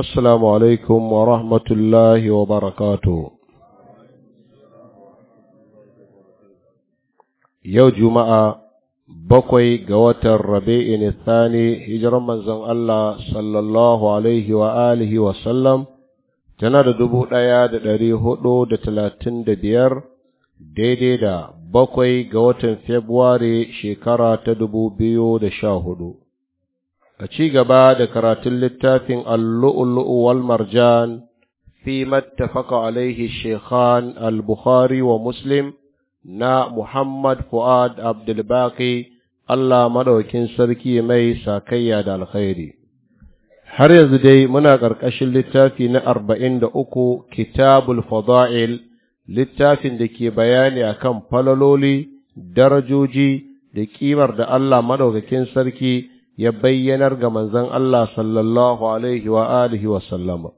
السلام عليكم ورحمة الله وبركاته يو جمعة بقوي قوات الربيع الثاني هجر من زن الله صلى الله عليه وآله وسلم تنادى دبو دايا دري هدو دتلاتين دبير daidai دي bakwai ga watan Februari shekara ta dubu biyu da sha a ci gaba da karatun littafin allu'ulu'u wal marjan fi mattafaka alaihi shekhan al-bukhari wa muslim na muhammad fu'ad abdulbaki allah Maɗaukin sarki mai sakayya da alkhairi har yanzu dai muna ƙarƙashin littafi na arba'in da uku kitabul fada'il littafin da ke bayani akan falaloli darajoji da ƙimar da allah maɗaukakin sarki ya bayyanar ga manzon Allah sallallahu alaihi wa alihi wa sallama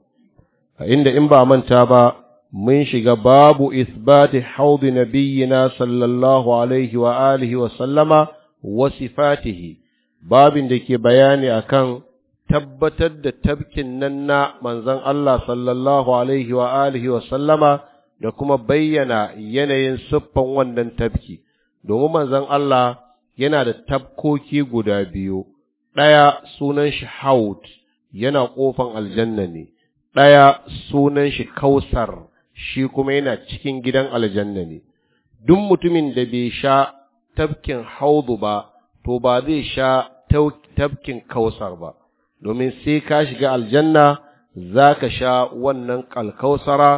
a inda in ba manta ba mun shiga babu isbati haudi nabiyyina sallallahu alaihi wa alihi wa sallama wa sifatihi babin da ke bayani akan tabbatar da tabkin nan na manzon Allah sallallahu alaihi wa alihi wa sallama da kuma bayyana yanayin siffan wannan tabki domin manzon Allah yana da tabkoki guda biyu ɗaya sunan shi haud yana ƙofan aljanna ne ɗaya sunan shi kausar shi kuma yana cikin gidan aljanna ne duk mutumin da bai sha tafkin haudu ba to ba zai sha tafkin kausar ba domin sai ka shiga aljanna za ka sha wannan kalkausara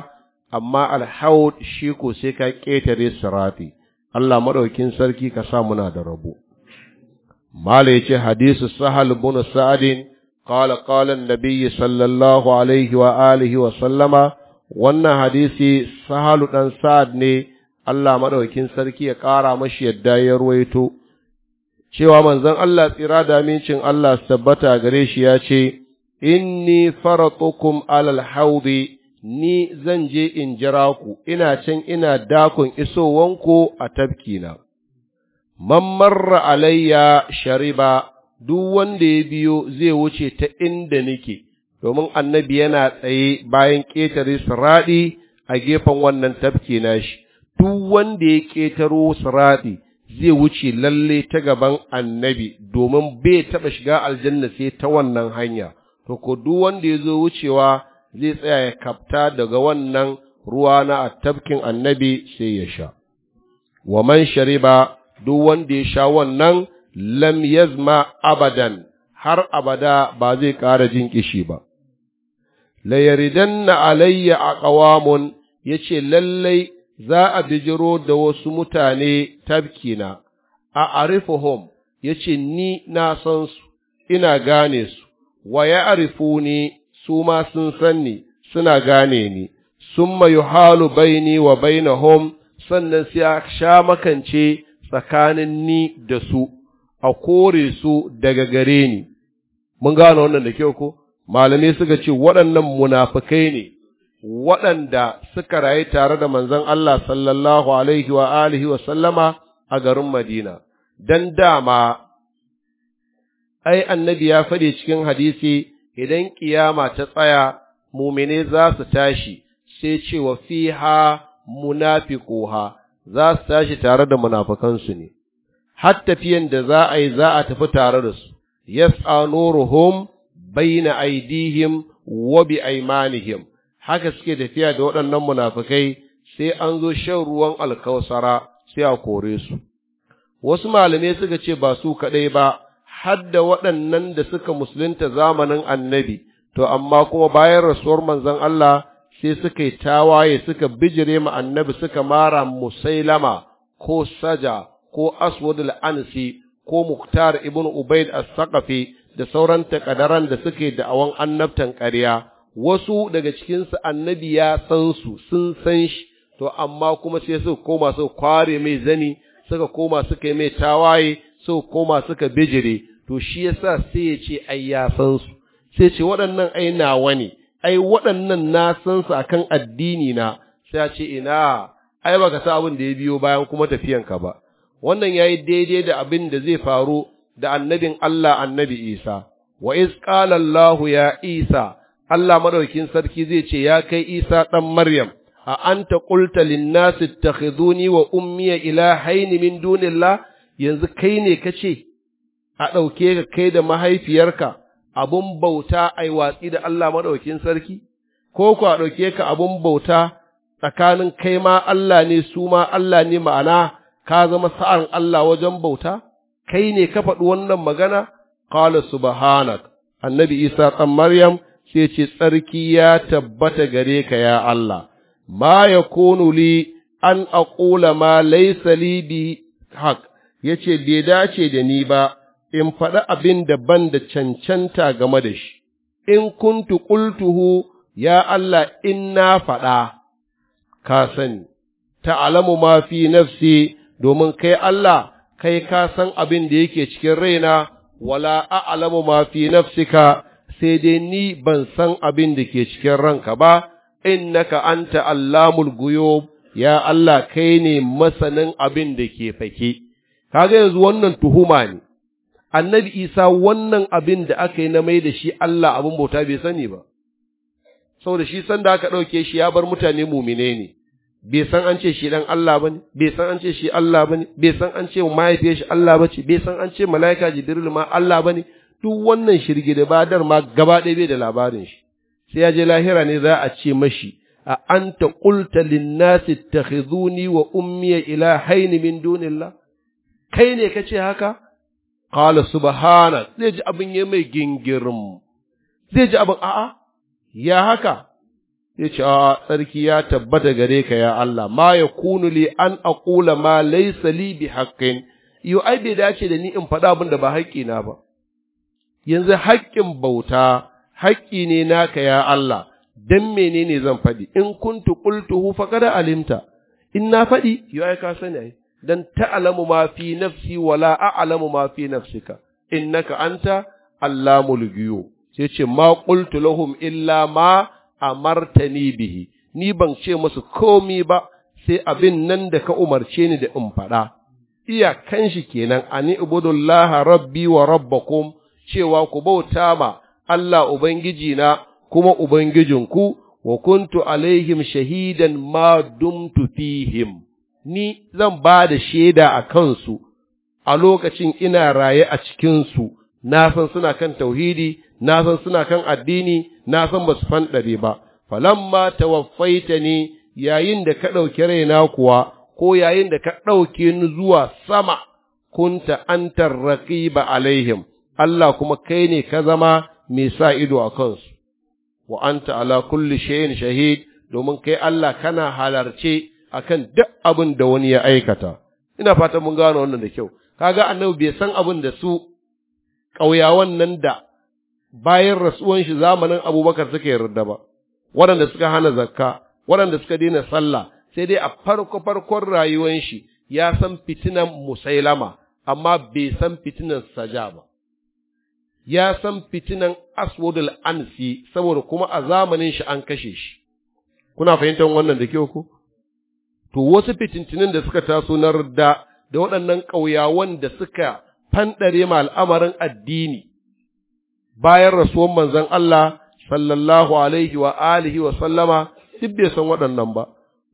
amma alhaud shi ko sai ka ƙetare sarafi, Allah maɗaukin sarki ka sa muna da rabo. mala yace hadisu sahal bin sa'adin qala qala an sallallahu alaihi wa alihi wa sallama wannan hadisi sahalu dan sa'ad ne Allah madaukin sarki ya ƙara mashi yadda ya ruwaito cewa manzon Allah tsira da amincin Allah tabbata gare shi ya ce inni faratukum alal haudi ni zan je in jira ku ina can ina dakon isowanku a tabkina marra alayya shariba duk wanda ya biyo zai wuce ta inda nake, domin annabi yana tsaye bayan ƙetare siraɗi a gefen wannan tafke nashi, duk wanda ya ƙetaro siraɗi zai wuce lalle ta gaban annabi domin bai taɓa shiga aljanna sai ta wannan hanya, to ko duk wanda ya zo wucewa zai tsaya ya kafta daga wannan ruwa na tafkin annabi sai ya sha. Wa man shariba duk wanda ya sha wannan lam yazma abadan har abada ba zai ƙara jin kishi ba la na alayya a ya yace lallai za a bijiro da wasu mutane tabkina a arifuhum yace ni na san su ina gane su wa ya arifu ni su ma sun san suna gane ni summa yuhalu baini wa bainahum sannan sai a sha makance tsakanin ni da su a kore su daga gare ni mun gane wannan da kyau ko malamai suka ce waɗannan munafukai ne waɗanda suka rayu tare da manzon Allah sallallahu alaihi wa alihi wa sallama a garin Madina dan dama ai annabi ya faɗi cikin hadisi idan ƙiyama ta tsaya mumine za su tashi sai ce wa fiha munafiquha za su tashi tare da munafukansu ne har tafiyan da za a yi za a tafi tare da su yas'a nuruhum baina aidihim wa bi aymanihim haka suke tafiya da waɗannan munafukai sai an zo shan ruwan alkausara sai a kore su wasu malamai suka ce ba su kaɗai ba har da waɗannan da suka musulunta zamanin annabi to amma kuma bayan rasuwar manzon Allah sai suka yi tawaye suka bijire ma annabi suka mara musailama ko saja ko aswad al-ansi ko muktar ibn ubaid as-saqafi da sauran takadaran da suke da awan annabtan ƙarya wasu daga su annabi ya san su sun san shi to amma kuma sai su koma suka kware mai zani suka koma suka yi mai tawaye su koma suka bijire to shi yasa sai ya ce ai ya san su sai ce waɗannan ai nawa ne ai waɗannan na san su akan addini na sai a ce ina ai baka sa abin da ya biyo bayan kuma tafiyanka ba wannan yayi daidai da abin da zai faru da annabin Allah annabi Isa wa iz qala Allahu ya Isa Allah madaukin sarki zai ce ya kai Isa ɗan Maryam a anta qulta lin nasi ittakhiduni wa ummi ilahaini min dunillah yanzu kai ne kace a ɗauke ka kai da mahaifiyarka abun bauta ai watsi da Allah maɗaukin sarki, ko ku a ɗauke ka abun bauta tsakanin kai ma Allah ne su ma Allah ne ma'ana ka zama sa'an Allah wajen bauta, kai ne ka faɗi wannan magana, qala subhanak annabi Isa ɗan Maryam sai ce tsarki ya tabbata gare ka ya Allah, ma ya li an aƙula ma laisali bi hak, ya bai dace da ni ba, in faɗi abin da ban da cancanta game da shi, in kuntu ƙultuhu ya Allah in na faɗa, ka sani, ta'alamu ma fi nafsi domin kai Allah, kai ka san abin da yake cikin raina, wala a'alamu ma fi nafsika sai dai ni ban san abin da ke cikin ranka ba, in innaka anta allamul guyo ya Allah kai ne masanin abin da ke fake, kaga yanzu wannan tuhuma ne. annabi isa wannan abin da aka yi na mai da shi Allah abin bauta bai sani ba saboda shi san da aka ɗauke shi ya bar mutane mumine ne bai san an ce shi dan Allah ba ne bai san an ce shi Allah ba ne bai san an ce mahaifiyar shi Allah ba ce bai san an ce mala'ika jibril ma Allah ba ne duk wannan shirgi da badar ma gaba ɗaya bai da labarin shi sai ya je lahira ne za a ce mashi a anta qulta lin-nasi wa ummiya haini min dunillah kai ne ka ce haka qala subhana zai ji abin ya mai gingirin zai ji abin a'a ya haka ya ce a tsarki ya tabbata gare ka ya Allah ma ya kunu li an aqula ma laysa li bi haqqin yo ai bai dace da ni in faɗa abin da ba haƙƙi na ba yanzu haƙƙin bauta haƙƙi ne naka ya Allah dan menene zan faɗi in kuntu qultuhu faqad alimta in na faɗi yo ai ka sani ai dan ta'lamu ma fi nafsi wala a'lamu ma fi nafsika innaka anta allamul ghuyub sai ce ma qultu lahum illa ma amartani bihi ni ban ce musu komi ba sai abin nan da ka umarce ni da in faɗa kan shi kenan ani ibudullaha rabbi wa rabbakum cewa ku bauta ma Allah ubangijina na kuma ubangijinku wa kuntu alaihim shahidan ma dumtu fihim ni zan ba da shaida a kansu a lokacin ina raye a cikinsu na san suna kan tauhidi na san suna kan addini na san ba su fanɗare ba falamma tawaffaita ne yayin da ka ɗauki raina kuwa ko yayin da ka ɗauke ni zuwa sama kunta antar ba alaihim Allah kuma kai ne ka zama mai sa ido a kansu wa anta ala kulli shay'in shahid domin kai Allah kana halarce akan duk abin da wani ya aikata ina fatan mun gano wannan da kyau kaga annabi bai san abin da su ƙauyawan nan da bayan rasuwan shi zamanin abubakar suka yarda ba waɗanda suka hana zakka waɗanda suka daina sallah sai dai a farko farkon rayuwan shi ya san fitinan musailama amma bai san fitinan saja ba ya san fitinan aswadul ansi saboda kuma a zamanin shi an kashe shi kuna fahimtar wannan da kyau ko to wasu fitintinin da suka taso na rudda da waɗannan ƙauyawan da suka fanɗare ma al'amarin addini bayan rasuwan manzon Allah sallallahu alaihi wa alihi wa sallama duk bai san waɗannan ba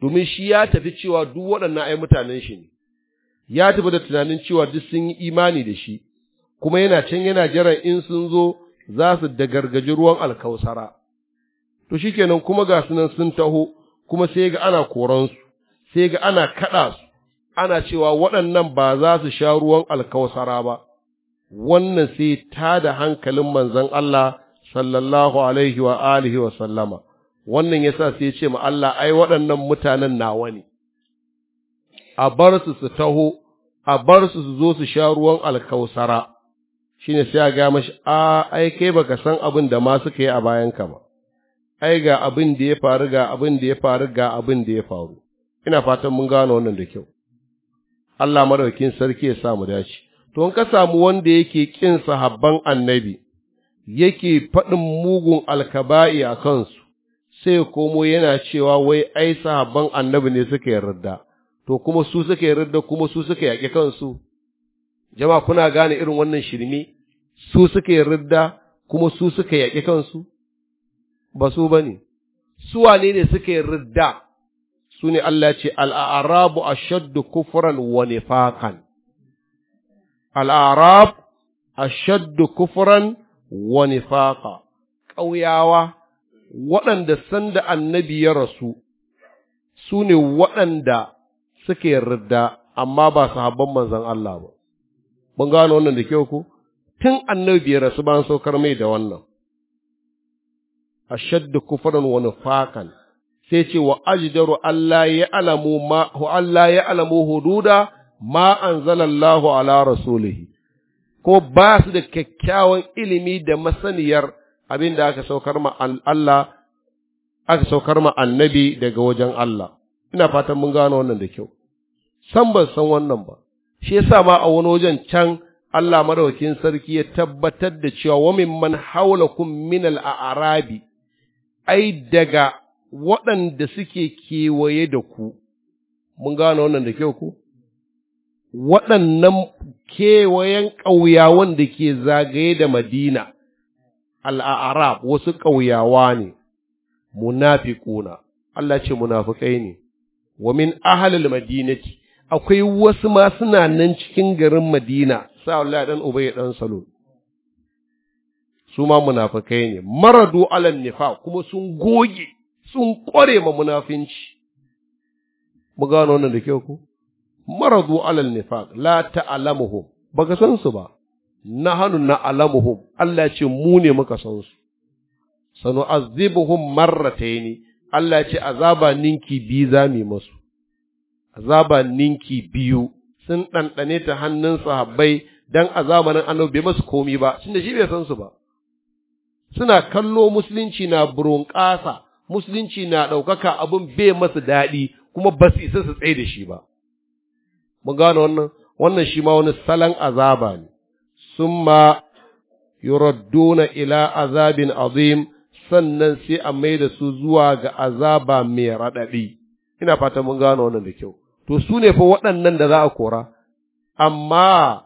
domin shi ya tafi cewa duk waɗannan ai mutanen shi ne ya tafi da tunanin cewa duk sun yi imani da shi kuma yana can yana jiran in sun zo za su dagargaji ruwan alkausara to shikenan kuma ga sunan sun taho kuma sai ga ana koransu sai ga ana kaɗa su ana cewa waɗannan ba za su sha ruwan alkawasara ba wannan sai ta da hankalin manzan Allah sallallahu alaihi wa alihi wa sallama wannan yasa sai ce ma Allah ai waɗannan mutanen nawa ne a bar su su taho a bar su su zo su sha ruwan alkausara shine sai a ga mashi a ai kai baka san abin da ma suka yi a bayanka ba ai ga abin da ya faru ga abin da ya faru ga abin da ya faru ina fatan mun gane wannan da kyau Allah madaukakin sarki ya sa mu dace to in ka samu wanda yake kin sahabban annabi yake faɗin mugun alkaba'i a kansu sai komo yana cewa wai ai sahabban annabi ne suka yarda to kuma su suka yarda kuma su suka yaƙi kansu jama'a kuna gane irin wannan shirme su suka yarda kuma su suka yaƙi kansu ba su bane su wane ne suka yarda Sune ne Allah ce al'arabu a shaddu kufuran wa nifakan. Al'arab a shaddu kufuran wa nifaka, ƙauyawa waɗanda sanda annabi ya rasu, su ne waɗanda suke ridda amma ba sahabban manzan Allah ba. Mun gano wannan da kyau ku? Tun annabi ya rasu ban saukar mai da wannan. A shaddu kufuran wa nifakan. sai ce wa ajdaru Allah ya alamu ma Allah ya alamu hududa ma anzalallahu ala rasulihi ko ba su da kyakkyawan ilimi da masaniyar abin da aka saukar ma Allah aka saukar ma annabi daga wajen Allah ina fatan mun gano wannan da kyau san ban san wannan ba shi yasa ma a wani wajen can Allah madaukakin sarki ya tabbatar da cewa wa mimman haulakum min al-a'rabi ai daga waɗanda suke kewaye da ku, mun gane wannan da kyau ku? Waɗannan kewayen ƙauyawan da ke zagaye da Madina, al'arab wasu ƙauyawa ne, munafiƙuna, Allah ce munafikai ne, wa min ahalil madinati, akwai wasu ma nan cikin garin Madina, sa'ullah ɗan Uba ya ɗan Salon. su ma munafukai ne maradu alal nifa kuma sun goge sun ƙware ma munafinci. Mu gano wannan da kyau ku? Maradu alal nifaq la ta'lamuhum baka san su ba na hannu na alamuhum Allah ce mu ne muka san su sanu azibuhum marrataini Allah ce azaba ninki za zami masu azaba ninki biyu sun ɗanɗane ta hannun sahabbai dan a zamanin annabi bai masu komi ba tunda shi bai san su ba suna kallo musulunci na burunƙasa musulunci na ɗaukaka abin bai masu daɗi kuma ba su isa su tsaye da shi ba mun gane wannan wannan shi ma wani salon azaba ne summa yuradduna ila azabin azim sannan sai a mai da su zuwa ga azaba mai raɗaɗi ina fata mun gane wannan da kyau to su ne fa waɗannan da za a kora amma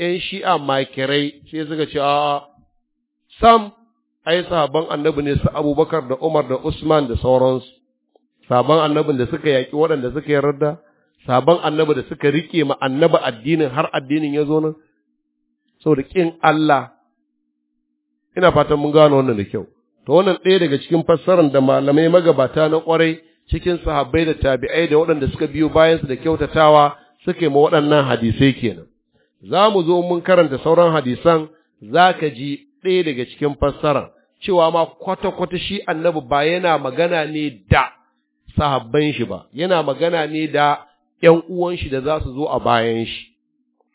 ‘yan shi'a makirai sai suka ce a sam ai sahabban annabi ne su abubakar da umar da usman da sauransu sahabban annabin da suka yaƙi waɗanda suka yi radda sahabban annabi da suka rike ma annabi addinin har addinin ya zo nan saboda ƙin Allah ina fatan mun gano wannan da kyau to wannan ɗaya daga cikin fassarar da malamai magabata na ƙwarai cikin sahabbai da tabi'ai da waɗanda suka biyo bayansu da kyautatawa suke ma waɗannan hadisai kenan za mu zo mun karanta sauran hadisan za ka ji ɗaya daga cikin fassara cewa ma kwata-kwata shi annabi ba yana magana ne da sahabban shi ba, yana magana ne da ’yan uwan shi da za su zo a bayan shi.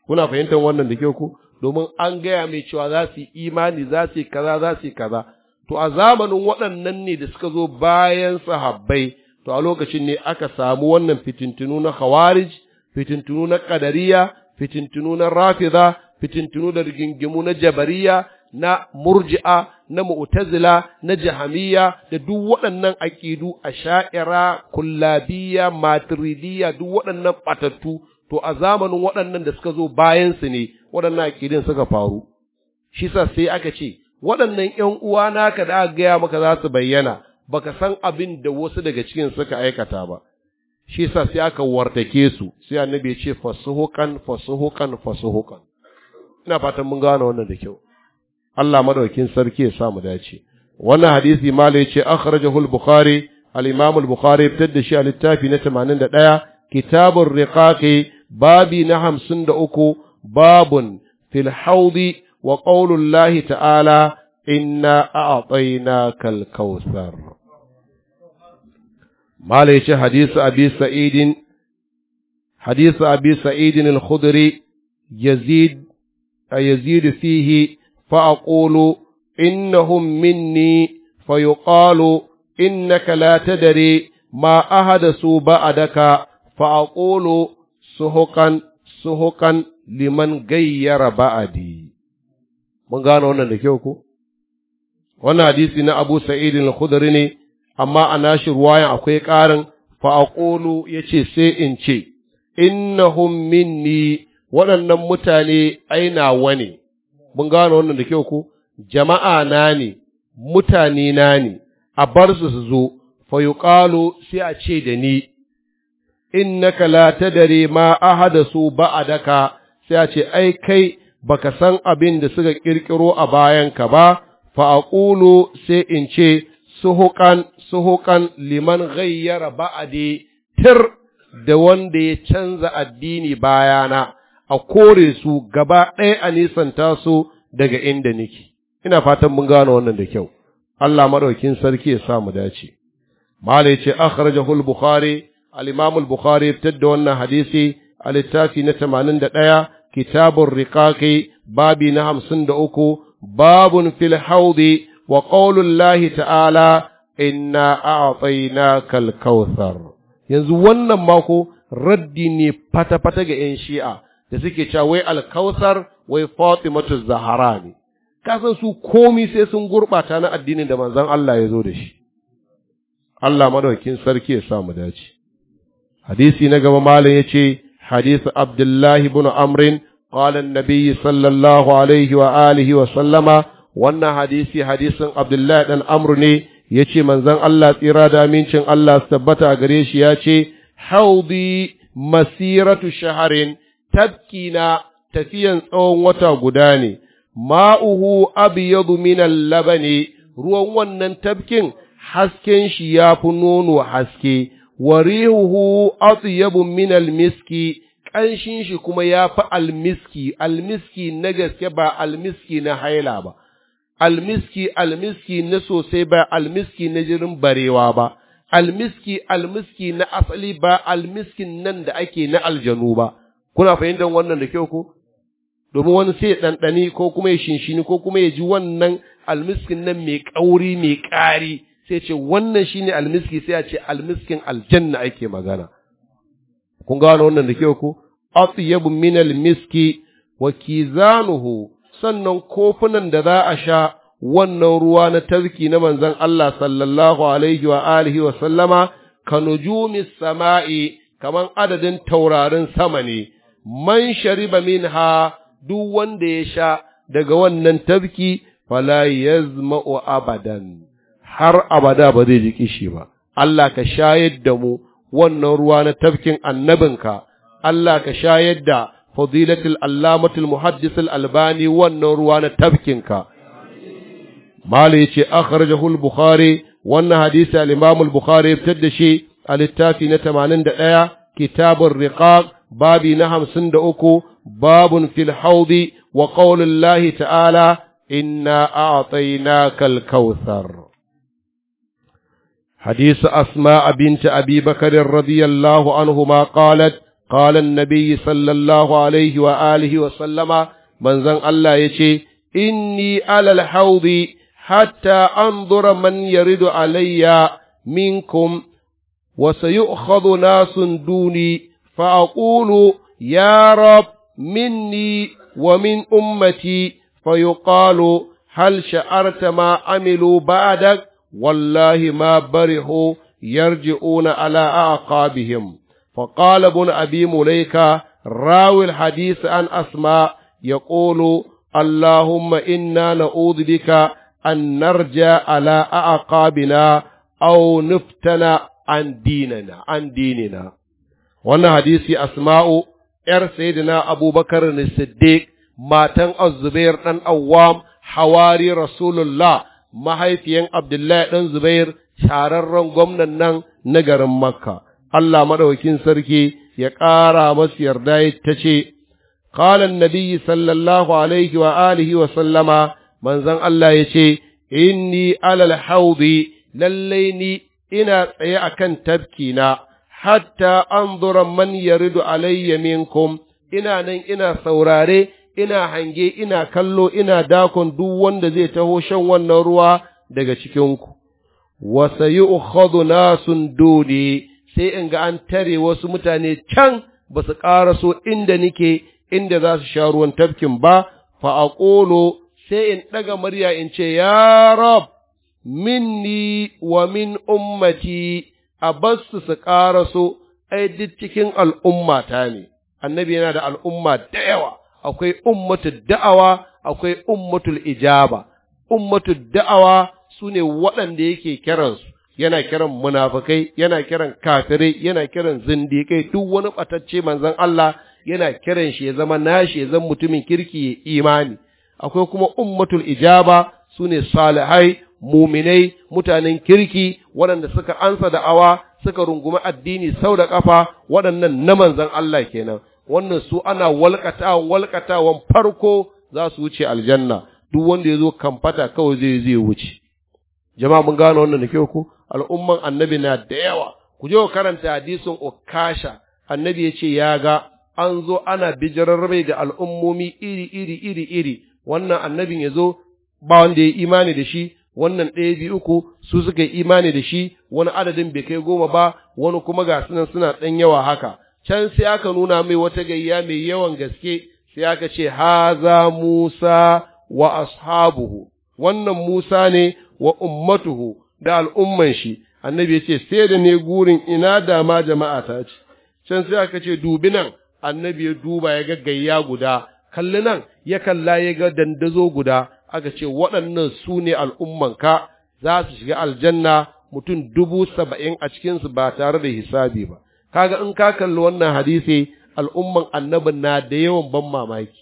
Kuna fahimtar wannan da kyau ku? Domin an gaya mai cewa za su yi imani, za su yi kaza, za su yi kaza. To a zamanin waɗannan ne da suka zo bayan sahabbai, to a lokacin ne aka samu wannan fitintunu na Khawarij, fitintunu na ƙadariya, fitintunu na Rafiza, fitintunu da rigingimu na Jabariya, na murji'a na mu'tazila na jahamiya, da duk waɗannan aƙidu a sha'ira kullabiyya matiridiya, duk waɗannan ɓatattu to a zamanin waɗannan da suka zo bayan su ne waɗannan aƙidun suka faru shi sa sai aka ce waɗannan ƴan uwa naka da aka gaya maka za su bayyana baka san abin da wasu daga cikin suka aikata ba shi sa sai aka wartake su sai annabi ya ce fasuhukan fasuhukan fasuhukan ina fatan mun gane wannan da kyau Allah madaukin sarki ya sa mu dace wannan hadisi mala ce, akhrajahu al-bukhari al-imam al-bukhari fitar da shi a littafi na 81 kitabur riqaqi babi na 53 babun fil haudi wa qaulullahi ta'ala inna a'tainaka al-kautsar mala yace hadisi abi sa'idin hadisi abi sa'idin al-khudri yazid yazid fihi فأقول إنهم مني فيقال إنك لا تدري ما أحدثوا بعدك فأقول سهقا سهقا liman gayyara ba'adi mun gano wannan da kyau ko wannan hadisi na Abu Sa'id al-Khudri ne amma a nashi ruwayan akwai ƙarin fa aqulu yace sai in ce innahum minni waɗannan mutane aina wani mun gane wannan da kyau ko jama'a na ne mutane na ne a bar su su zo fa yuqalu sai a ce da ni innaka la tadri ma ahadasu daka? sai a ce ai kai baka san abin da suka ƙirƙiro a bayan ka ba fa aqulu sai in ce suhukan suhukan liman ghayyara ba'adi tir da wanda ya canza addini bayana a kore su gaba ɗaya a nisanta su daga inda nake ina fatan mun gano wannan da kyau Allah maɗaukin sarki ya sa mu dace mala ce akhrajahu al-bukhari al Bukhari al fitar da wannan hadisi a littafi na ɗaya kitabur riqaqi babi na uku babun fil haudi wa lahi ta'ala inna a'tainaka na kautsar yanzu wannan mako raddi ne fata-fata ga 'yan shi'a da suke cewa wai alkausar wai fatimatu zahara ne kasan su komi sai sun gurɓata na addinin da manzon Allah ya zo da shi Allah madaukin sarki ya sa mu dace hadisi na gaba malam yace hadisi abdullahi ibn amrin قال sallallahu alaihi wa alihi wa sallama, wannan hadisi hadisin Abdullahi dan Amru ne yace manzon Allah tsira da amincin Allah tabbata gare shi yace haudi masiratu shaharin tafki na tafiyan tsawon wata guda ne, ma'uhu abiyadu minal labani ruwan wannan tafkin hasken shi ya fi nono haske, warihuhu atyabu minal miski ƙanshin shi kuma ya fi almiski, almiski na gaske ba almiski na haila ba, almiski almiski na sosai ba almiski na jirin barewa ba, almiski almiski na asali ba almiskin nan da ake na aljanu ba. kuna fahimtar wannan da kyau ko domin wani sai ya ɗanɗani ko kuma ya shinshini ko kuma ya ji wannan almiskin nan mai ƙauri mai ƙari sai ce wannan shine almiski sai a ce almiskin aljanna ake magana kun gano wannan da kyau ko atyabu min almiski wa kizanuhu sannan kofunan da za a sha wannan ruwa na tarki na manzon Allah sallallahu alaihi wa alihi wa sallama kanu jumi sama'i kaman adadin taurarin sama ne man shariba minha duk wanda ya sha daga wannan tafki fala yazma'u abadan har abada ba zai ji kishi ba Allah ka shayar da mu wannan ruwa na tafkin annabinka Allah ka shayar da fadilatul allamatul muhaddisul albani wannan ruwa na tafkinka Mala ya ce, Akharajahu bukhari wannan hadisi al-Imam al-Bukhari ya fitar da shi a littafi na 81, Kitabun Riqaq babi na hamsin da uku babun fil haudi wa ƙaunin lahi ta’ala ina a tsayina kalkausar. Hadisu asma abinci abi bakarin radiyallahu anhuma qalat قال النبي صلى الله عليه وآله وسلم من زن الله يشي إني على الحوض حتى أنظر من يرد علي منكم وسيؤخذ ناس دوني فأقول يا رب مني ومن أمتي فيقال هل شعرت ما عملوا بعدك والله ما برحوا يرجعون على أعقابهم فقال ابن أبي مليكة راوي الحديث عن أسماء يقول اللهم إنا نعوذ بك أن نرجع على أعقابنا أو نفتن عن ديننا عن ديننا wannan hadisi asma'u ‘yar sayidina abubakar ne siddiq matan azubair ɗan awwam hawari rasulullah mahaifiyan abdullahi ɗan zubair shararren gwamnan nan na garin makka allah maɗaukin sarki ya ƙara masu yarda ta ce kalan nabiyyi sallallahu alaihi wa alihi wa sallama manzon allah ya ce inni alal haudi lallai ni ina tsaye akan tafkina hatta anzura man yaridu alayya minkum ina nan ina saurare ina hange ina kallo ina dakon duk wanda zai taho shan wannan ruwa daga cikinku wa sayu'khadhu nasun duni sai in ga an tare wasu mutane can ba su ƙaraso inda nike inda za su sha ruwan tafkin ba fa a ƙolo sai in ɗaga murya in ce ya rab minni wa min ummati a basu su ƙaraso ai duk cikin al'umma ne annabi yana da al'umma da yawa akwai ummatu da'awa akwai ummatu ijaba ummatu da'awa sune waɗanda yake kiransu yana kiran munafukai, yana kiran kafirai yana kiran zindikai duk wani ɓatacce manzon Allah yana kiran shi ya zama nashi ya zama mutumin kirki ya imani akwai kuma ummatul ijaba sune salihai muminai mutanen kirki waɗanda suka ansa awa suka rungumi addini sau da ƙafa waɗannan na manzan Allah kenan wannan su ana walƙatawan walƙatawan farko za su wuce aljanna duk wanda ya zo kamfata kawai zai zai wuce jama'a mun gano wannan da kyau ku al'umman annabi na da yawa ku je ku karanta hadisin ukasha annabi ya ce ya ga an zo ana bijirar mai da al'ummomi iri iri iri iri wannan annabin ya zo ba wanda ya imani da shi wannan ɗaya biyu uku su suka yi imani da shi wani adadin bai kai goma ba wani kuma ga sunan suna ɗan yawa haka can sai aka nuna mai wata gayya mai yawan gaske sai aka ce haza musa wa ashabuhu wannan musa ne wa ummatuhu da al'umman shi annabi ya ce sai da ne gurin ina dama jama'a ta ce can sai aka ce dubi nan annabi ya duba ya ga gayya guda kalli nan ya kalla ya ga dandazo guda aka ce waɗannan su ne al'ummanka za su shiga aljanna mutum dubu saba'in a cikinsu ba tare da hisabi ba kaga in ka kalli wannan hadisi al'umman annabin na da yawan ban mamaki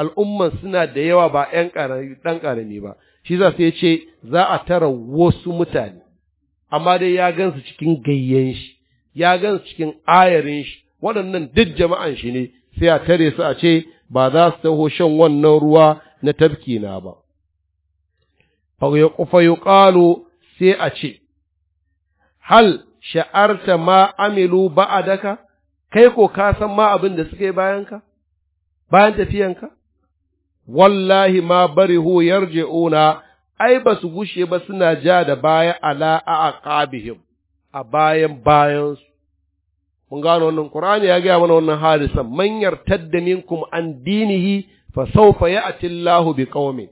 al'umman suna da yawa ba ɗan ƙarami ba shi za su ce za a tara wasu mutane amma dai ya gansu cikin gayyen shi ya gansu cikin ayarin shi waɗannan duk jama'an shi ne sai a tare su a ce ba za su taho shan wannan ruwa na tafki na ba fa yuqalu sai a ce hal sha'arta ma amilu daka? kai ko ka san ma abin da suka yi bayanka bayan tafiyanka wallahi ma barihu yarji'una ai ba su gushe ba suna ja da baya ala aqabihim a bayan bayansu mun gano wannan Qur'ani ya gaya mana wannan hadisan man yartadda minkum an dinihi fa sawfa ya'ti bi biqaumin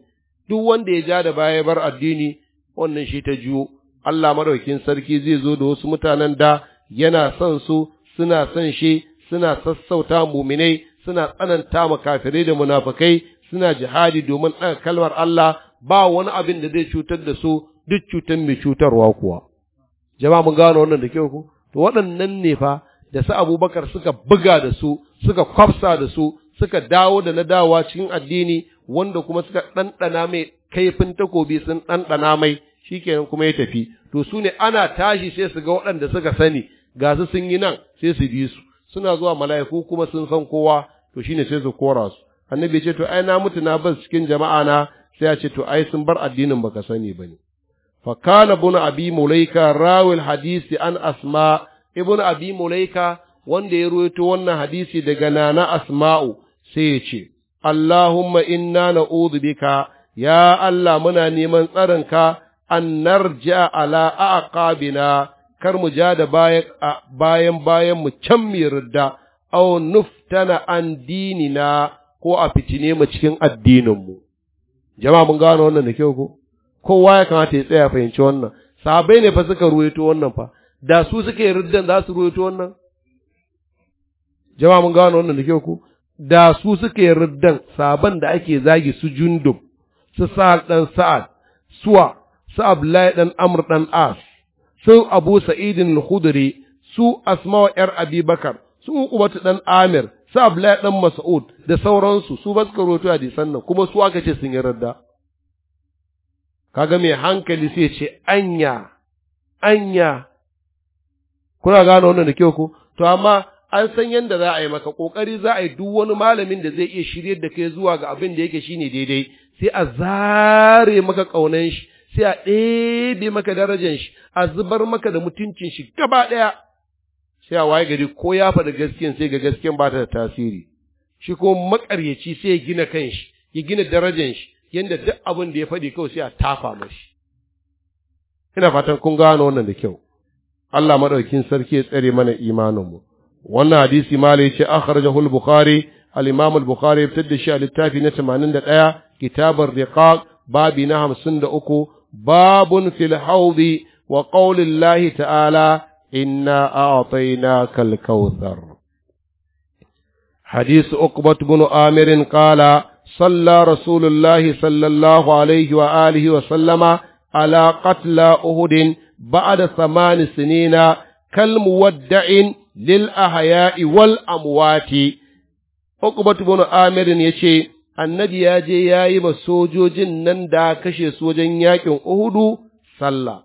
duk wanda ya ja da baya bar addini wannan shi ta juyo Allah madaukin sarki zai zo da wasu mutanen da yana son su suna son shi suna sassauta muminai suna tsananta ma kafirai da munafikai suna jihadi domin ɗan kalmar Allah ba wani abin da zai cutar da su duk cutar mai cutarwa kuwa jama'a mun gano wannan da kyau ko to waɗannan ne fa da su Abubakar suka buga da su suka kwafsa da su suka dawo da na dawa cikin addini wanda kuma suka ɗanɗana mai kaifin takobi sun ɗanɗana mai shi kenan kuma ya tafi to su ne ana tashi sai su ga waɗanda suka sani ga su sun yi nan sai su bi su suna zuwa mala'iku kuma sun san kowa to shine sai su kora su annabi ce to ai na mutu na bar cikin jama'a na sai ya ce to ai sun bar addinin baka sani bane fa kana ibn abi mulaika rawil hadisi an asma ibn abi mulaika wanda ya ruwaito wannan hadisi daga nana asma'u sai ya ce Allahumma inna na bika ya Allah muna neman tsarinka an narja ala a kar mu ja da bayan bayan mu can mu yarda au nuftana an dinina ko a fitine mu cikin addininmu jama'a mun gano wannan da kyau ko kowa ya kamata ya tsaya fahimci wannan Sabai ne fa suka ruwaito wannan fa da su suka yi riddan za su ruwaito wannan jama'a mun gano wannan da kyau ko da su suka yi riddan saban da ake zagi su jundub su sa'ad ɗan sa'ad suwa su abdullahi ɗan amr ɗan as su abu sa'idin khudri su asmawa yar abibakar su ukubatu ɗan amir su abdullahi ɗan mas'ud da sauransu su ba suka roto hadisan nan kuma su aka ce sun yi radda kaga mai hankali sai ce anya anya kuna gane wannan da kyau ko to amma an san yadda za a yi maka ƙoƙari za a yi duk wani malamin da zai iya shiryar da kai zuwa ga abin da yake shine daidai sai a zare maka ƙaunan shi sai a ɗebe maka darajan shi a zubar maka da mutuncin shi gaba ɗaya sai a waye gari ko ya faɗi gaskiyan sai ga gaskiya ba ta da tasiri shi ko makaryaci sai ya gina kan shi ya gina darajan shi yadda duk abin da ya faɗi kawai sai a tafa mashi ina fatan kun gano wannan da kyau Allah madaukin sarki ya tsare mana imaninmu. mu wannan hadisi mala ce akhrajahu al-bukhari al-imam al-bukhari ya fitar da shi a littafi na 81 kitabar riqaq babi na 53 babun fil hawdi wa qawlillahi ta'ala inna a'tainaka al-kautsar حديث عقبة بن عامر قال صلى رسول الله صلى الله عليه وآله وسلم على قتلى أهد بعد ثمان سنين كالمودع lil ahya'i wal amwati Uqbatu bin Amir ya ce annabi ya je ya yi ma sojojin nan da kashe su wajen yakin Uhudu sallah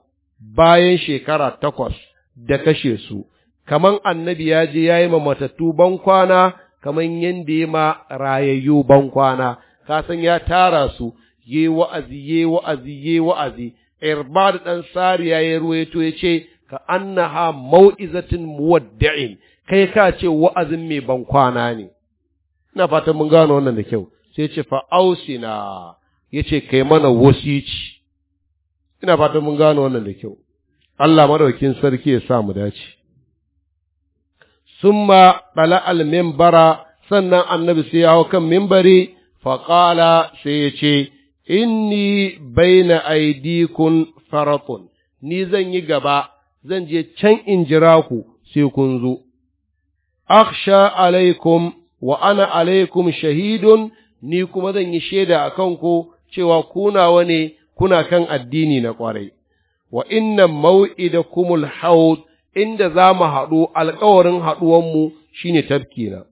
bayan shekara takwas da kashe su kaman annabi ya je ya yi ma matattu ban kwana kaman yanda ya ma rayayyu ban kwana ka san ya tara su ye wa'azi ye wa'azi ye wa'azi irbad dan sariya ya ruwaito ya ce ka annaha mau'izatin muwaddi'in kai ka ce wa'azin mai ban kwana ne ina fatan mun gano wannan da kyau sai ce fa ausina yace kai mana wasici ina fatan mun gano wannan da kyau Allah madaukin sarki ya sa mu dace summa bala al minbara sannan annabi sai ya hau kan minbari fa qala sai yace ce inni baina aidikun faratun ni zan yi gaba zan je can in jira ku sai kun zo. Aksha alaikum wa ana alaikum shahidun ni kuma zan yi shaida a kanku cewa kunawa ne kuna kan addini na ƙwarai. Wa inna mau'idakumul haud inda za mu haɗu alkawarin haɗuwanmu shine tafkina.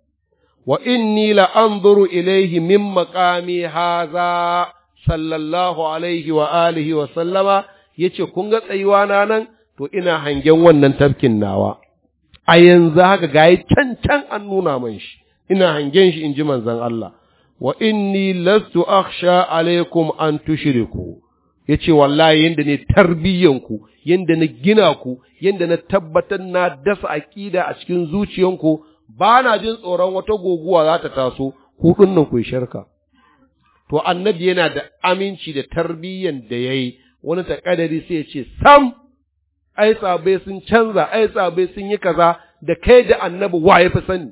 Wa inni la'anzuru ilaihi min makami haza sallallahu alaihi wa alihi wa sallama ya ce, Kun ga tsayuwa na nan?’ to ina hangen wannan tafkin nawa a yanzu haka gayi can can an nuna man shi ina hangen shi in ji manzon Allah wa inni lastu akhsha alaikum an tushriku yace wallahi yanda ne tarbiyyanku yanda na gina ku yanda na tabbatar na dasa aqida a cikin zuciyanku ba na jin tsoron wata goguwa za ta taso hudun nan ku sharka to annabi yana da aminci da tarbiyyan da yayi wani takadari sai ya ce sam ai tsabe sun canza ai tsabe sun yi kaza da kai da annabi waye fi sani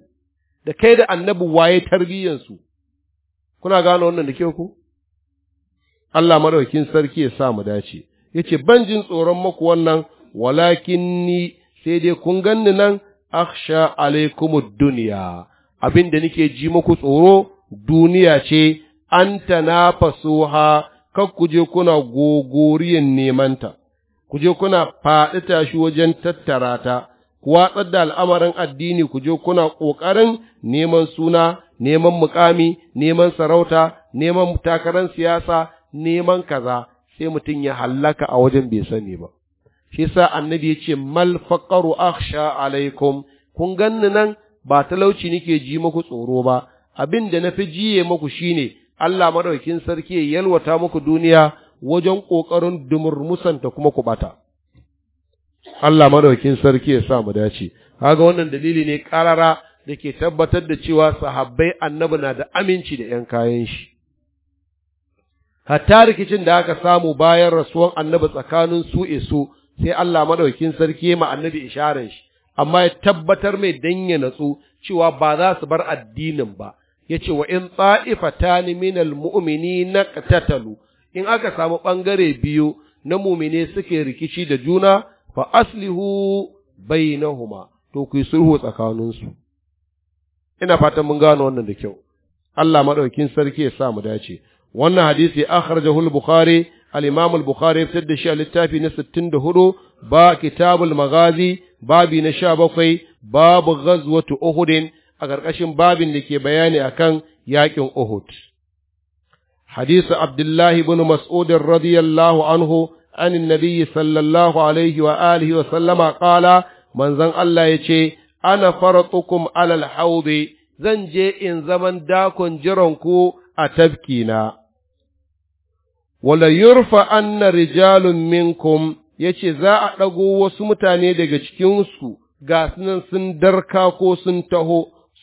da kai da annabi waye tarbiyyansu kuna gano wannan da ke ku Allah madaukakin sarki ya sa mu dace yace ban jin tsoron maku wannan walakin ni sai dai kun ganni nan akhsha alaikumud dunya abin da nake ji muku tsoro duniya ce an tanafasuha kar ku je kuna gogoriyan nemanta ku je kuna faɗi tashi wajen tattara ta, ku watsar da al'amarin addini ku je kuna ƙoƙarin neman suna, neman mukami, neman sarauta, neman takarar siyasa, neman kaza, sai mutum ya hallaka a wajen bai sani ba. Shi sa annabi ya ce, Mal faƙaru akhsha alaikum, kun ganni nan ba talauci nake ji muku tsoro ba, abin da na fi jiye muku shine Allah madaukin sarki ya yalwata muku duniya wajen ƙoƙarin musanta kuma kuɓata. Allah madaukin sarki ya sa mu dace, haga wannan dalili ne ƙarara da ke tabbatar da cewa sahabbai annabi na da aminci da ‘yan kayan shi. Hatta rikicin da aka samu bayan rasuwan annabi tsakanin su isu sai Allah maɗaukin sarki ma annabi isharar shi, amma ya tabbatar mai danya natsu cewa ba za su bar addinin ba, ya ce wa in min minal mu'mini na katatalu in aka samu ɓangare biyu na mumine suke rikici da juna fa aslihu bainahuma to ku yi sulhu tsakaninsu ina fatan mun gano wannan da kyau Allah maɗaukin sarki ya sa mu dace wannan hadisi akhrajahu al-bukhari al-imam al-bukhari fitar da shi a littafi na 64 ba kitabul magazi babi na bakwai, babu ghazwatu uhud a ƙarƙashin babin da ke bayani akan yakin uhud حديث عبد الله بن مسعود رضي الله عنه عن النبي صلى الله عليه وآله وسلم قال من زن الله يتي أنا فرطكم على الحوض زن جي إن زمن داكن جرنكو أتبكينا ولا يرفع أن رجال منكم yace za a ɗago wasu mutane daga cikinsu ga sunan sun darka ko sun taho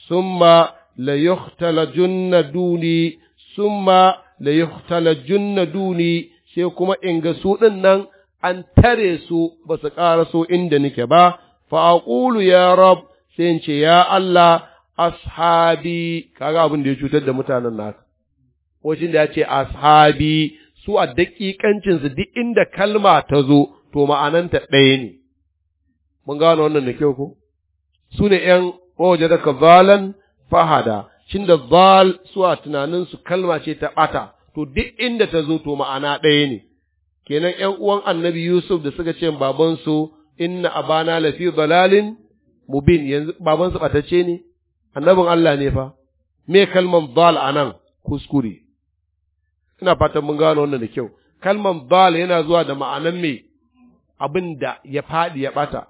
summa la yuhtalajunna duni summa la yuhtalajunna duni sai kuma in ga su ɗin nan an tare su ba su so inda nake ba fa aqulu ya rab sai in ce ya Allah ashabi kaga abin da ya cutar da mutanen naka shin da ya ce ashabi su a daƙiƙancin su duk inda kalma ta zo to ma'ananta ɗaya ne mun gano wannan da kyau ko su ne ’yan waje da kazalan fahada shin da zal suwa tunaninsu kalma ce ta ɓata, to duk inda ta zo to ma'ana ɗaya ne. Kenan ’yan uwan annabi Yusuf da suka ce babansu inna abana lafi dalalin mubin yanzu babansu ɓatacce ne, annabin Allah ne fa, me kalman zal a nan kuskure. Ina fatan mun gano wannan da kyau, kalman zal yana zuwa da ma'anan me abin da ya faɗi ya ɓata.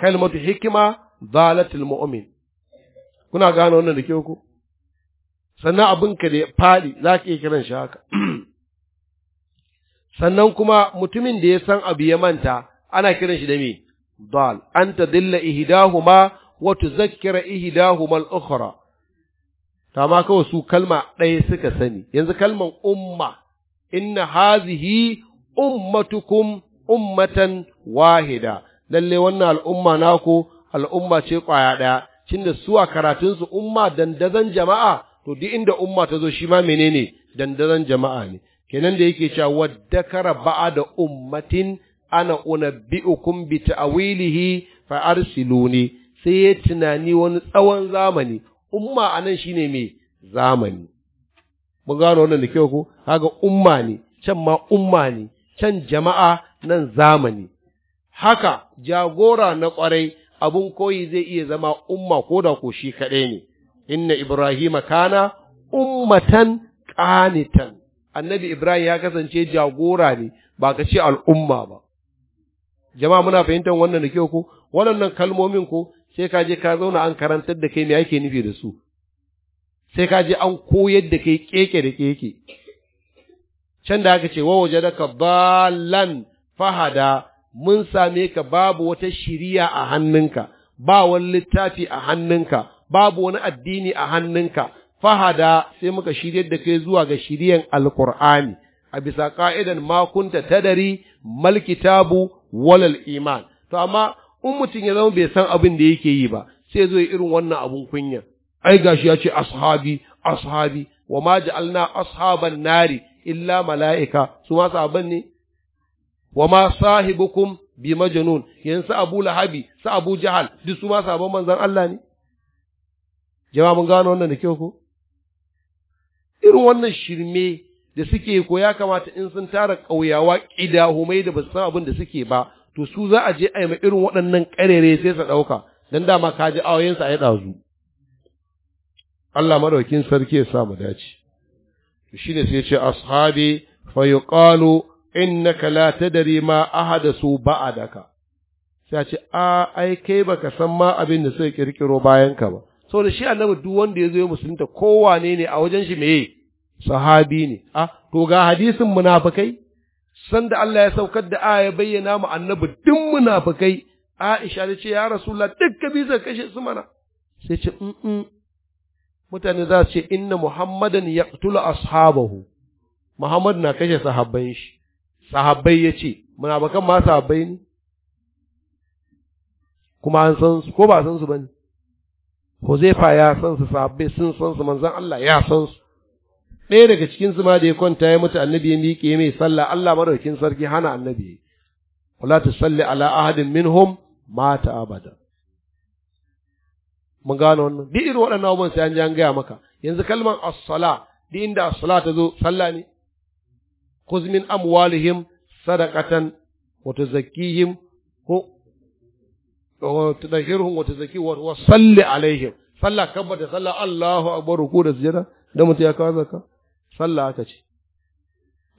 Kalmatu hikima zalatul mu'min kuna gane wannan da ke ku sannan abinka da faɗi za ka iya kiran shi haka sannan kuma mutumin da ya san abu ya manta ana kiran shi da me dal an dilla ihdahuma wa tuzakkira ihdahuma al-ukhra ta ma kawai su kalma ɗaya suka sani yanzu kalman umma inna hazihi ummatukum ummatan wahida lalle wannan al'umma naku al'umma ce kwaya ɗaya cin da suwa karatunsu umma dandazan jama'a to duk inda umma ta zo shi ma menene dandazan jama'a ne kenan da yake cewa waddakara ba'a da ummatin ana unabbi'ukum bi ta'wilihi fa arsiluni sai ya tunani wani tsawon zamani umma anan shine mai zamani mun gano wannan da kyau ko kaga umma ne can ma umma ne can jama'a nan zamani haka jagora na kwarai abun koyi zai iya zama umma ko da ko shi kaɗai ne inna ibrahima kana ummatan qanitan annabi ibrahim ya kasance jagora ne ba ka ce al'umma ba jama'a muna fahimtar wannan da kyau ko waɗannan kalmomin ko sai ka je ka zauna an karantar da kai me ake nufi da su sai ka je an koyar da kai keke da keke can da aka ce wa waje wajadaka balan fahada mun same ka babu wata shiriya a hannunka ba wani littafi a hannunka babu wani addini a hannunka fahada sai muka shiryar da kai zuwa ga shiriyan alkur'ani a bisa ka'idan makunta tadari mal kitabu walal iman to amma in mutum ya zama bai san abin da yake yi ba sai zo irin wannan abun kunya ai gashi ya ce ashabi ashabi wa ma ja'alna ashaban nari illa mala'ika su ma sahabban ne wa ma sahibukum bi majnun yanzu Abu Lahabi su Abu Jahal duk su ma sabon manzon Allah ne jama'a mun gano wannan da kyau ko irin wannan shirme da suke ko ya kamata in sun tara ƙauyawa humai da ba san abin da suke ba to su za a je a yi irin waɗannan ƙarere sai su ɗauka don dama ka ji awayensu a yi ɗazu Allah madaukin sarki ya sa mu dace to shine sai ya ce ashabi fa yuqalu innaka la tadri ma ahadasu ba'adaka sai ce a ai kai baka san ma abin da suka kirkiro bayan ka ba saboda shi annabi duk wanda ya zo ya musulunta kowane ne a wajen shi meye sahabi ne a to ga hadisin munafikai sanda Allah ya saukar da aya bayyana mu annabi duk munafikai Aisha ta ce ya Rasulullah duk kabisa kashe su mana sai ce mm mutane za su ce inna Muhammadan yaqtulu ashabahu Muhammad na kashe sahabban shi sahabbai ya ce Muna bakan ma sahabbai ne kuma an san su ko ba san su ba ne Huzaifa ya san su sahabbai sun san su manzon Allah ya san su ɗaya daga cikin su ma da ya kwanta ya mutu annabi ya miƙe mai sallah Allah madaukin sarki hana annabi wala salli ala ahadin minhum mata abada mun gano wannan duk irin waɗannan abubuwan sai an ji an gaya maka yanzu kalmar as-sala duk inda as-sala ta zo sallah ne khudh min amwalihim sadaqatan wa tuzakkihim wa tudahhiruhum wa tuzakki wa salli alaihim sallah kabba da sallah Allahu akbar ruku da sujada da mutum ya kawo zakka sallah aka ce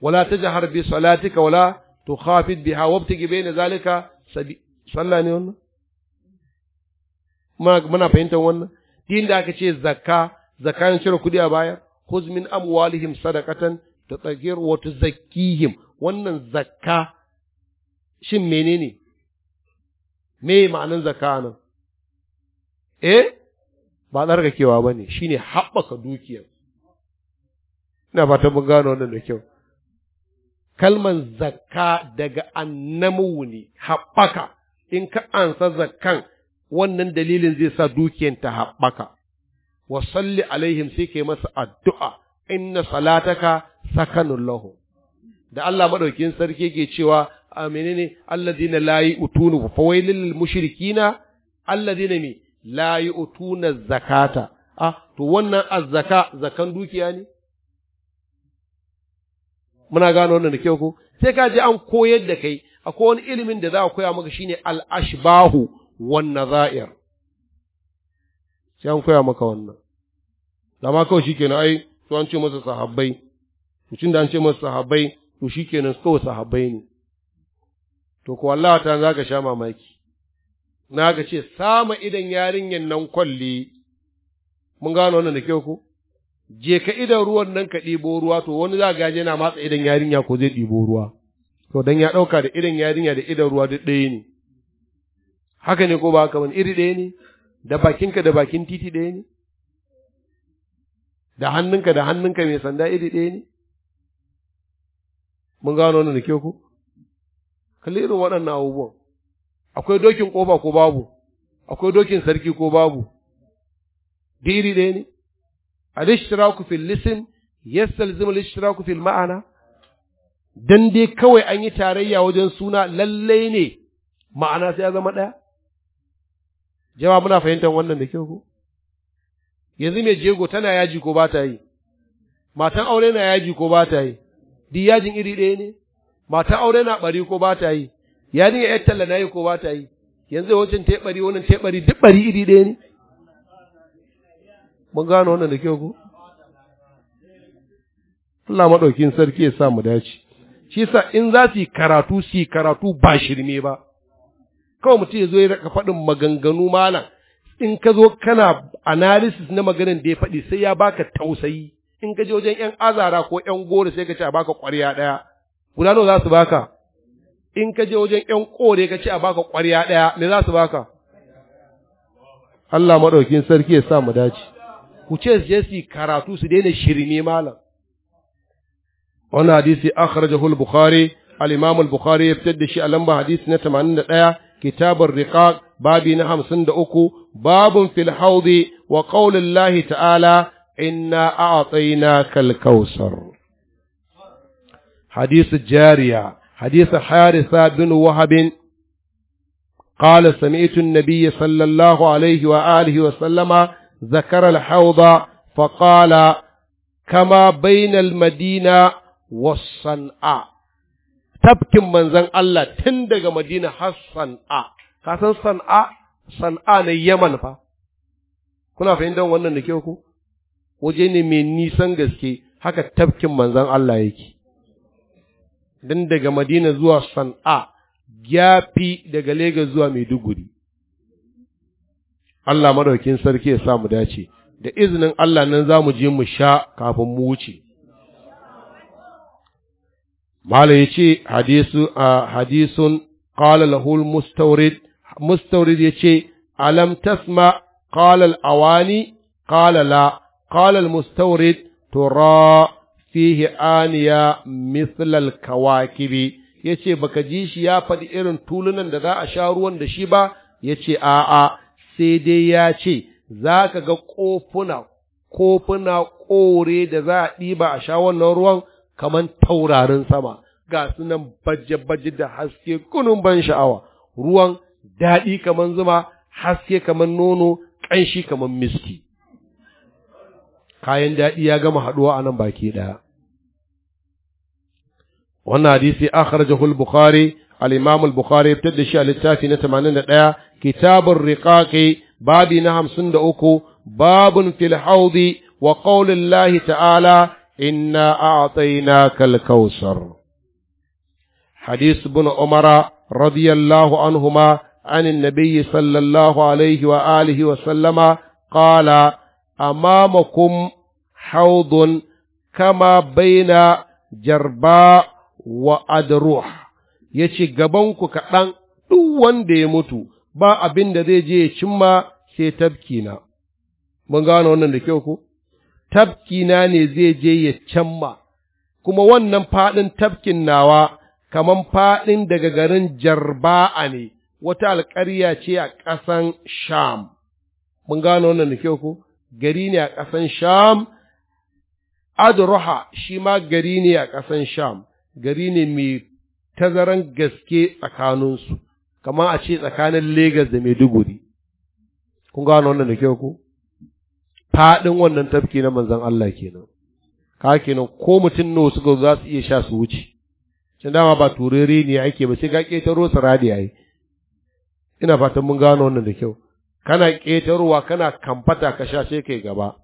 wala tajhar bi salatika wala tukhafid biha wabtigi bayna zalika sabi ne wannan muna fahimtar wannan din da aka ce zakka zakka cire kudi a baya khuz min amwalihim sadaqatan da tsagiyar wata zakihim wannan zakka shin menene me ma'anin zakka nan eh ba tsarkakewa ba ne shi ne haɓaka dukiyar ina fatan mun gano wannan da kyau kalman zakka daga annamu ne haɓaka in ka ansa zakkan wannan dalilin zai sa dukiyar ta haɓaka wa salli alaihim sai kai masa addu'a inna salataka sakanullahu da Allah madaukin sarki yake cewa a menene dina la yu'tunu fa wai lil mushrikina alladina mi la yu'tuna zakata ah to wannan azzaka zakan dukiya ne muna gano wannan da kyau ko sai ka ji an koyar da kai akwai wani ilimin da za a koya maka shine al-ashbahu wan nazair sai an koya maka wannan da ma kawai shikenan ai to an ce masa sahabbai mutum da an ce masa sahabbai to shi kenan kawai sahabbai ne to ko Allah ta za ka sha mamaki na ga ce sama idan yarinyan nan kwalli mun gano wannan da kyau ko je ka idan ruwan nan ka ɗibo ruwa to wani za ga yana matsa idan yarinya ko zai ɗibo ruwa to dan ya ɗauka da idan yarinya da idan ruwa duk ɗaya ne haka ne ko ba haka bane iri ɗaya ne da bakinka da bakin titi ɗaya ne da hannunka da hannunka mai sanda iri ɗaya ne mun gano ni da ke ku kalli irin waɗannan abubuwan akwai dokin ƙofa ko babu akwai dokin sarki ko babu diri ɗaya ne al-ishtiraku fil lism yastalzimu al-ishtiraku fil ma'ana dan dai kawai an yi tarayya wajen suna lallai ne ma'ana sai ya zama ɗaya jama muna fahimtar wannan da kyau ko yanzu mai jego tana yaji ko ba ta yi matan aure na yaji ko ba ta yi di yajin iri ɗaya ne mata aure na bari ko ba ta yi yajin ya talla na yi ko ba ta yi yanzu wancan ta bari wannan ta bari duk bari iri ɗaya ne mun gano wannan da kyau ko Allah maɗaukin sarki ya sa mu dace shi sa in za su yi karatu su yi karatu ba shirme ba kawai mutum ya zo ya raka faɗin maganganu malam in ka zo kana analysis na maganin da ya faɗi sai ya baka tausayi in ka je wajen ƴan azara ko ƴan gore sai ka ce a baka ƙwarya ɗaya guda nawa za su baka in ka je wajen ƴan kore ka ce a baka ƙwarya ɗaya me za su baka Allah maɗaukin sarki ya sa mu dace ku ce su je su karatu su daina shirme malam wannan hadisi akhrajahu al-bukhari al-imam al-bukhari ya fitar da shi a lamba hadisi na 81 kitabar riqaq babi na 53 babun fil haudi wa qaulullahi ta'ala inna a'tayna kal kausar حديث جارية حديث حارثة بن وهب قال سمعت النبي صلى الله عليه وآله وسلم ذكر الحوض فقال كما بين المدينة والصنعاء تبكم من زن الله تندق مدينة الصنعاء كاسن صنعاء صنعاء يمن فا كنا فين دون ونن نكيوكو waje ne mai nisan gaske haka tafkin manzan Allah yake dan daga Madina zuwa San'a ya fi daga Legas zuwa Maiduguri Allah madaukin sarki ya sa mu dace da izinin Allah nan za mu je mu sha kafin mu wuce Mala ya ce hadisun قال له المستورد ya ce, alam tasma, قال awani قال قال المستورد ترى fihi aniya mislal kawakibi ya ce baka ji shi ya faɗi irin tulunan da za a sha ruwan da shi ba ya ce a'a sai dai ya ce za ka ga kofuna kofuna kore da za a ɗiba a sha wannan ruwan kamar taurarin sama ga su nan baje-baje da haske kunun ban sha'awa ruwan daɗi kamar zuma haske kamar nono ƙanshi kamar miski kayan daɗi ya gama haɗuwa a nan baki ɗaya wannan hadisi akhrajahu al-bukhari al bukhari fitar da shi a littafi na 81 kitabur Rikaki, babi na 53 babun fil haudi wa qaulillahi ta'ala inna a'tainaka al-kausar حديث ابن عمر رضي الله عنهما عن النبي صلى الله عليه وآله وسلم قال أمامكم حوض كما بين جرباء وأدروح yace gabanku kaɗan duk wanda ya mutu ba abin da zai je ya cimma sai tafkina. Mun gano wannan da kyau ko? Tafkina ne zai je ya cimma, kuma wannan faɗin tafkin nawa kaman faɗin daga garin jarba'a ne, wata alƙarya ce a ƙasan Sham. Mun gano wannan da kyau ko? gari ne a ƙasan sham adruha shi ma gari ne a ƙasan sham gari ne mai tazaran gaske tsakaninsu kama a ce tsakanin Legas da Maiduguri kun gano wannan da kyau ko faɗin wannan tafki na manzan Allah kenan ka kenan ko mutum nawa suka za su iya sha su wuce can dama ba turere ne ake ba sai ka ƙetaro su radiyayi ina fatan mun gano wannan da kyau kana ƙetarwa kana kamfata ka sha sai kai gaba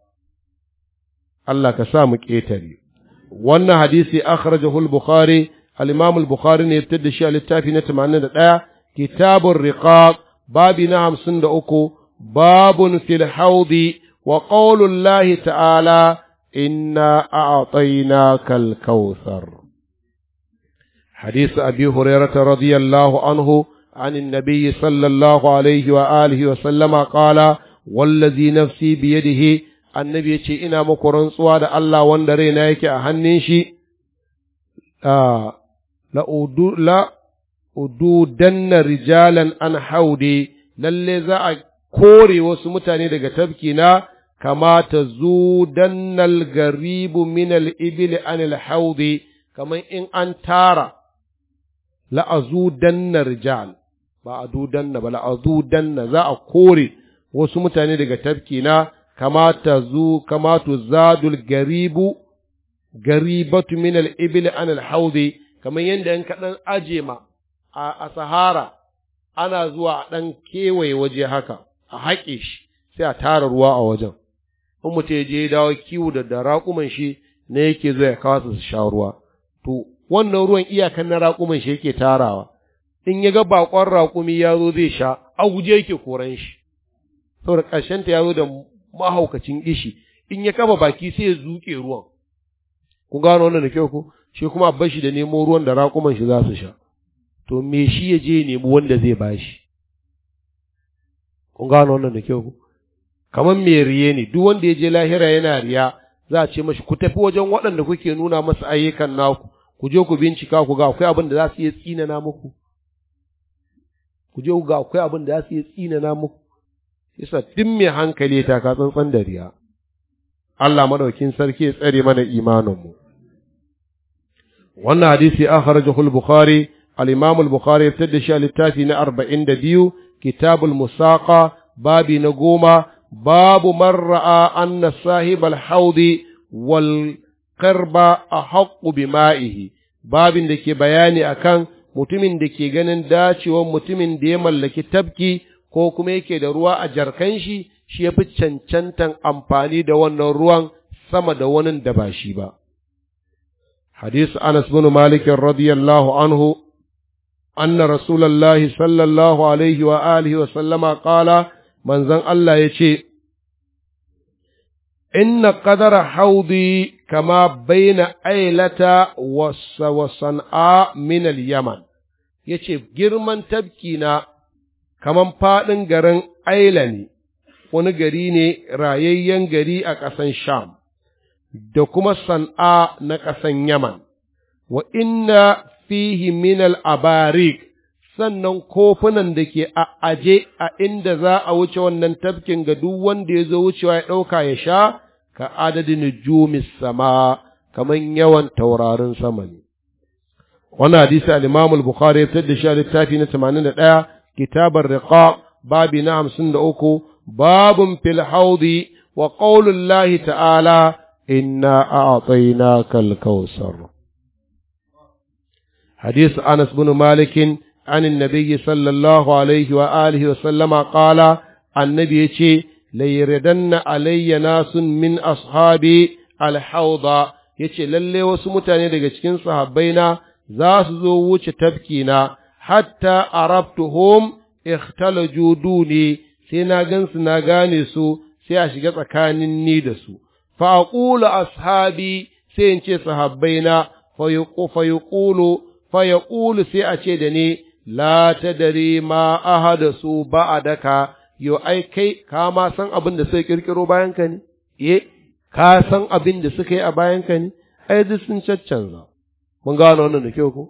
Allah ka sa mu ƙetare wannan hadisi akhrajahu al-bukhari al-imam al-bukhari ne fitar da shi a littafi na 81 kitabur riqaq babi na 53 babun fil haudi wa qaulullahi ta'ala inna a'tainaka al-kautsar حديث أبي هريرة radiyallahu anhu. عن النبي صلى الله عليه وآله وسلم قال والذي نفسي بيده annabi ya ce ina muku rantsuwa da Allah wanda raina yake a hannun shi la ududanna rijalan an haude lallai za a kore wasu mutane daga tafki na kamata zudannal garibu minal ibil anil haude kamar in an tara la azudanna rijal ba a dudanna ba la azudanna za a kore wasu mutane daga tafki na kamata zu kamatu zadul garibu garibatu min al ibil an al hawdi kamar yadda an kaɗan aje ma a sahara ana zuwa a ɗan kewaye waje haka a haƙe shi sai a tara ruwa a wajen in mutum je ya dawo kiwo da da raƙuman shi ne yake zuwa ya kawo su sha ruwa to wannan ruwan iyakan na raƙuman shi yake tarawa in ya ga bakon raƙumi ya zo zai sha a guje yake koran shi saboda ƙarshen ta ya zo da mahaukacin ishi in ya kama baki sai ya zuƙe ruwan ku gano wannan da kyau ko shi kuma a shi da nemo ruwan da raƙuman shi za su sha to me shi ya je nemi wanda zai bashi kun gano wannan da kyau ko kamar me riye ne duk wanda ya je lahira yana riya za a ce mashi ku tafi wajen waɗanda kuke nuna masa ayyukan naku ku je ku bincika ku ga akwai abin da za su iya tsinana muku ku je ga akwai abin da za su yi tsinana muku yasa duk mai hankali ta ka tsantsan dariya? Allah madaukin sarki ya tsare mana imanin mu wannan hadisi akhrajahu hul bukhari al-imam al-bukhari ya da shi a littafi na biyu. kitabul musaqa babi na goma babu man ra'a anna sahibal haudi wal qarba ahqqu bima'ihi babin da ke bayani akan mutumin da ke ganin dacewar mutumin da ya mallaki tabki ko kuma yake da ruwa a jarkan shi shi ya fi cancantan amfani da wannan ruwan sama da wani da ba shi ba. Hadisu Anas bin Malik radiyallahu anhu anna رسول sallallahu alaihi wa alihi wa sallama kala من Allah الله Inna إن قدر kama baina ailata wasa wasan'a minal yaman ya ce girman tafki na kaman faɗin garin aila ne wani gari ne rayayyen gari a ƙasan sham da kuma san'a na ƙasan yaman wa inna fihi minal barik sannan kofunan da ke a aje a inda za a wuce wannan tafkin ga duk wanda ya zo wucewa ya ɗauka ya sha ka adadin jumis sama kaman yawan taurarin sama ne wannan hadisi al-Imam al-Bukhari ya fitar da shi a littafi na 81 kitabar riqaq babi na 53 babun fil haudi wa qaulullahi ta'ala inna a'tainaka al-kautsar حديث أنس بن مالك عن النبي صلى الله عليه وآله وسلم قال النبي يشي layradanna alayya nasun min ashabi alhauda yace lalle wasu mutane daga cikin sahabbaina za su zo wuce tafki na hatta arabtuhum ikhtalaju ne, sai na gansu na gane su sai a shiga tsakanin ni da su fa aqulu ashabi sai in ce sahabbaina fa yuqulu fa sai a ce da ni la tadri ma ahadasu daka. yo ai kai ka ma san abin da suka kirkiro bayan ka ne eh ka san abin da suka yi a bayan ka ne ai duk sun caccanza mun gano wannan da kyau ko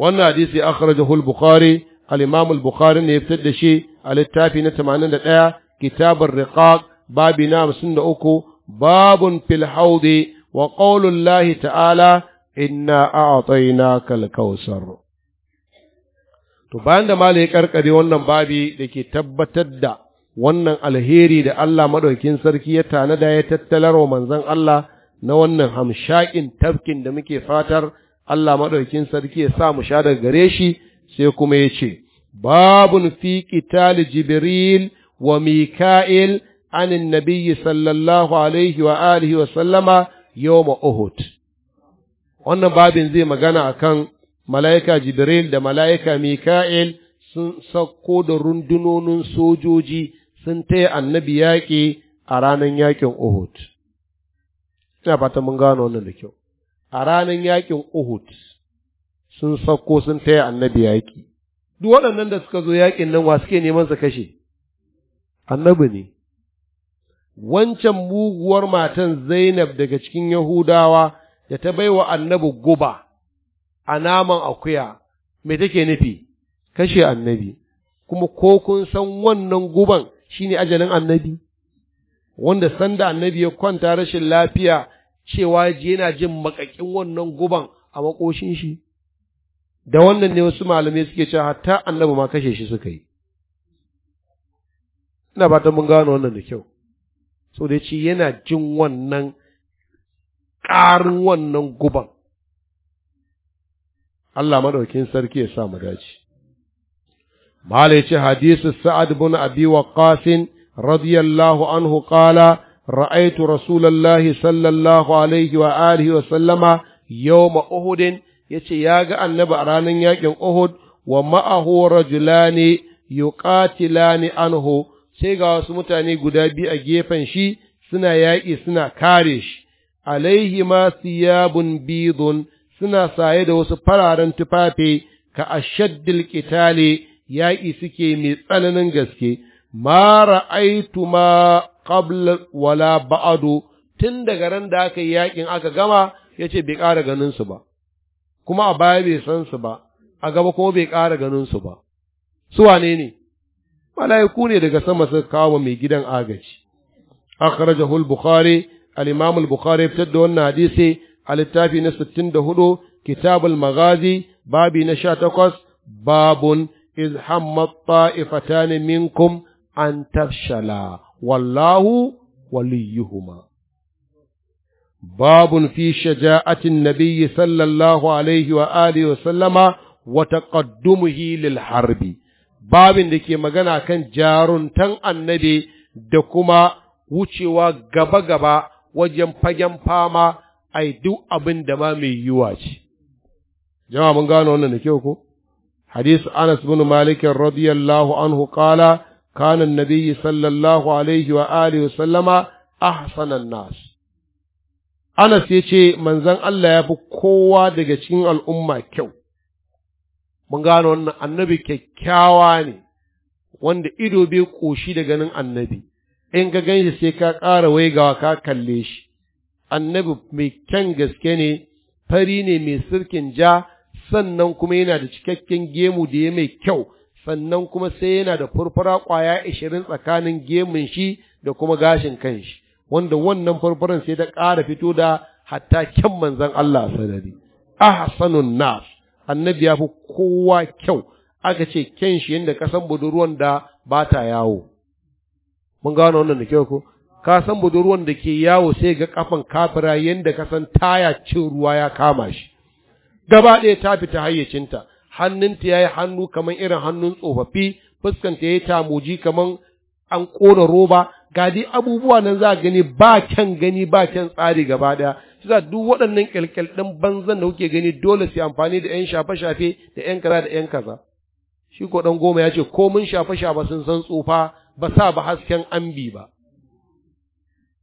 wannan hadisi akhrajahu al-bukhari al-imam al-bukhari ne ya fitar da shi a littafi na 81 kitabur riqaq babi na 53 babun fil haudi wa qaulullahi ta'ala inna a'tainaka al-kausar to bayan da mala ya karkare wannan babi da ke tabbatar da wannan alheri da Allah madaukin sarki ya tanada ya tattalar wa manzon Allah na wannan hamshakin tafkin da muke fatar Allah madaukin sarki ya sa mu sha daga gare shi sai kuma ya ce babun fi qital jibril wa mika'il nabiyyi sallallahu alaihi wa alihi wa sallama يوم أهد wannan babin zai magana akan mala'ika Jibril da mala'ika Mika'il sun sauko da rundunonin sojoji sun taya annabi yaƙi a ranar yaƙin Uhud. Ina fata mun gano wannan da kyau. A ranar yaƙin Uhud sun sauko sun taya annabi yaƙi. Duk waɗannan da suka zo yaƙin nan wa suke neman su kashe? Annabi ne. Wancan muguwar matan Zainab daga cikin Yahudawa da ta baiwa annabi guba. a naman akuya me take nufi kashe annabi kuma ko kun san wannan guban shine ajalin annabi wanda sanda annabi ya kwanta rashin lafiya cewa yana jin makakin wannan guban a makoshin shi da wannan ne wasu malamai suke cewa hatta annabi ma kashe shi suka yi ina fatan mun gano wannan da kyau so da ce yana jin wannan ƙarin wannan guban Allah madaukin sarki ya sa mu dace malai ce hadisu sa'ad bin abi waqqas radiyallahu anhu qala ra'aytu rasulallahi sallallahu alaihi wa alihi wa sallama yawma uhud yace ya ga annabi a ranar yakin uhud wa ma'ahu rajulani yuqatilani anhu sai ga wasu mutane guda biyu a gefen shi suna yaƙi suna kare shi alaihi ma siyabun bidun suna saye da wasu fararen tufafi ka ashaddil qitali yaƙi suke mai tsananin gaske ma ra'aytu ma qabla wala ba'du tun daga ran da aka yi yaƙin aka gama yace bai ƙara ganin su ba kuma a baya bai san su ba a gaba ko bai ƙara ganin su ba su wane ne mala'iku ne daga sama suka kawo mai gidan agaji akhrajahu al-bukhari al-imam al-bukhari fitar da wannan hadisi a littafi na sittin da hudu kitabul magazi babi na sha takwas babun iz hammat minkum an tafshala wallahu waliyuhuma babun fi shaja'atin nabiyyi sallallahu alaihi wa alihi wa sallama wa taqaddumuhi lil harbi babin da ke magana kan jaruntan annabi da kuma wucewa gaba-gaba wajen fagen fama ai duk abin da ma mai yiwa ce jama'a mun gano wannan da kyau ko hadisu anas bin malikin radiyallahu anhu kala kana nabiyyi sallallahu alaihi wa alihi wa sallama ahsanan nas anas ya ce manzon allah ya fi kowa daga cikin al'umma kyau mun gano wannan annabi kyakkyawa ne wanda ido bai koshi da ganin annabi in ka ganshi sai ka ƙara waigawa ka kalle shi annabi mai kyan gaske ne fari ne mai sirkin ja sannan kuma yana da cikakken gemu da ya mai kyau sannan kuma sai yana da furfura ƙwaya ashirin tsakanin gemun shi da kuma gashin kanshi wanda wannan furfuran sai ta ƙara fito da hatta kyan manzon Allah sanari ahsanun nas annabi ya fi kowa kyau aka ce kyan shi yadda kasan budurwan da ba ta yawo mun gano wannan da kyau ko ka san budurwan da ke yawo sai ga kafan kafira yadda ka san taya cin ruwa ya kama shi gaba ɗaya ta fita hayyacinta hannunta ya yi hannu kamar irin hannun tsofaffi fuskanta ya yi tamoji kamar an ƙona roba ga dai abubuwa nan za gani ba kyan gani ba kyan tsari gaba ɗaya shi za duk waɗannan ƙyalƙyal ɗin banzan da kuke gani dole su amfani da 'yan shafe-shafe da 'yan kaza da 'yan kaza shi ko ɗan goma ya ce ko mun shafe-shafe sun san tsufa ba sa ba hasken ambi ba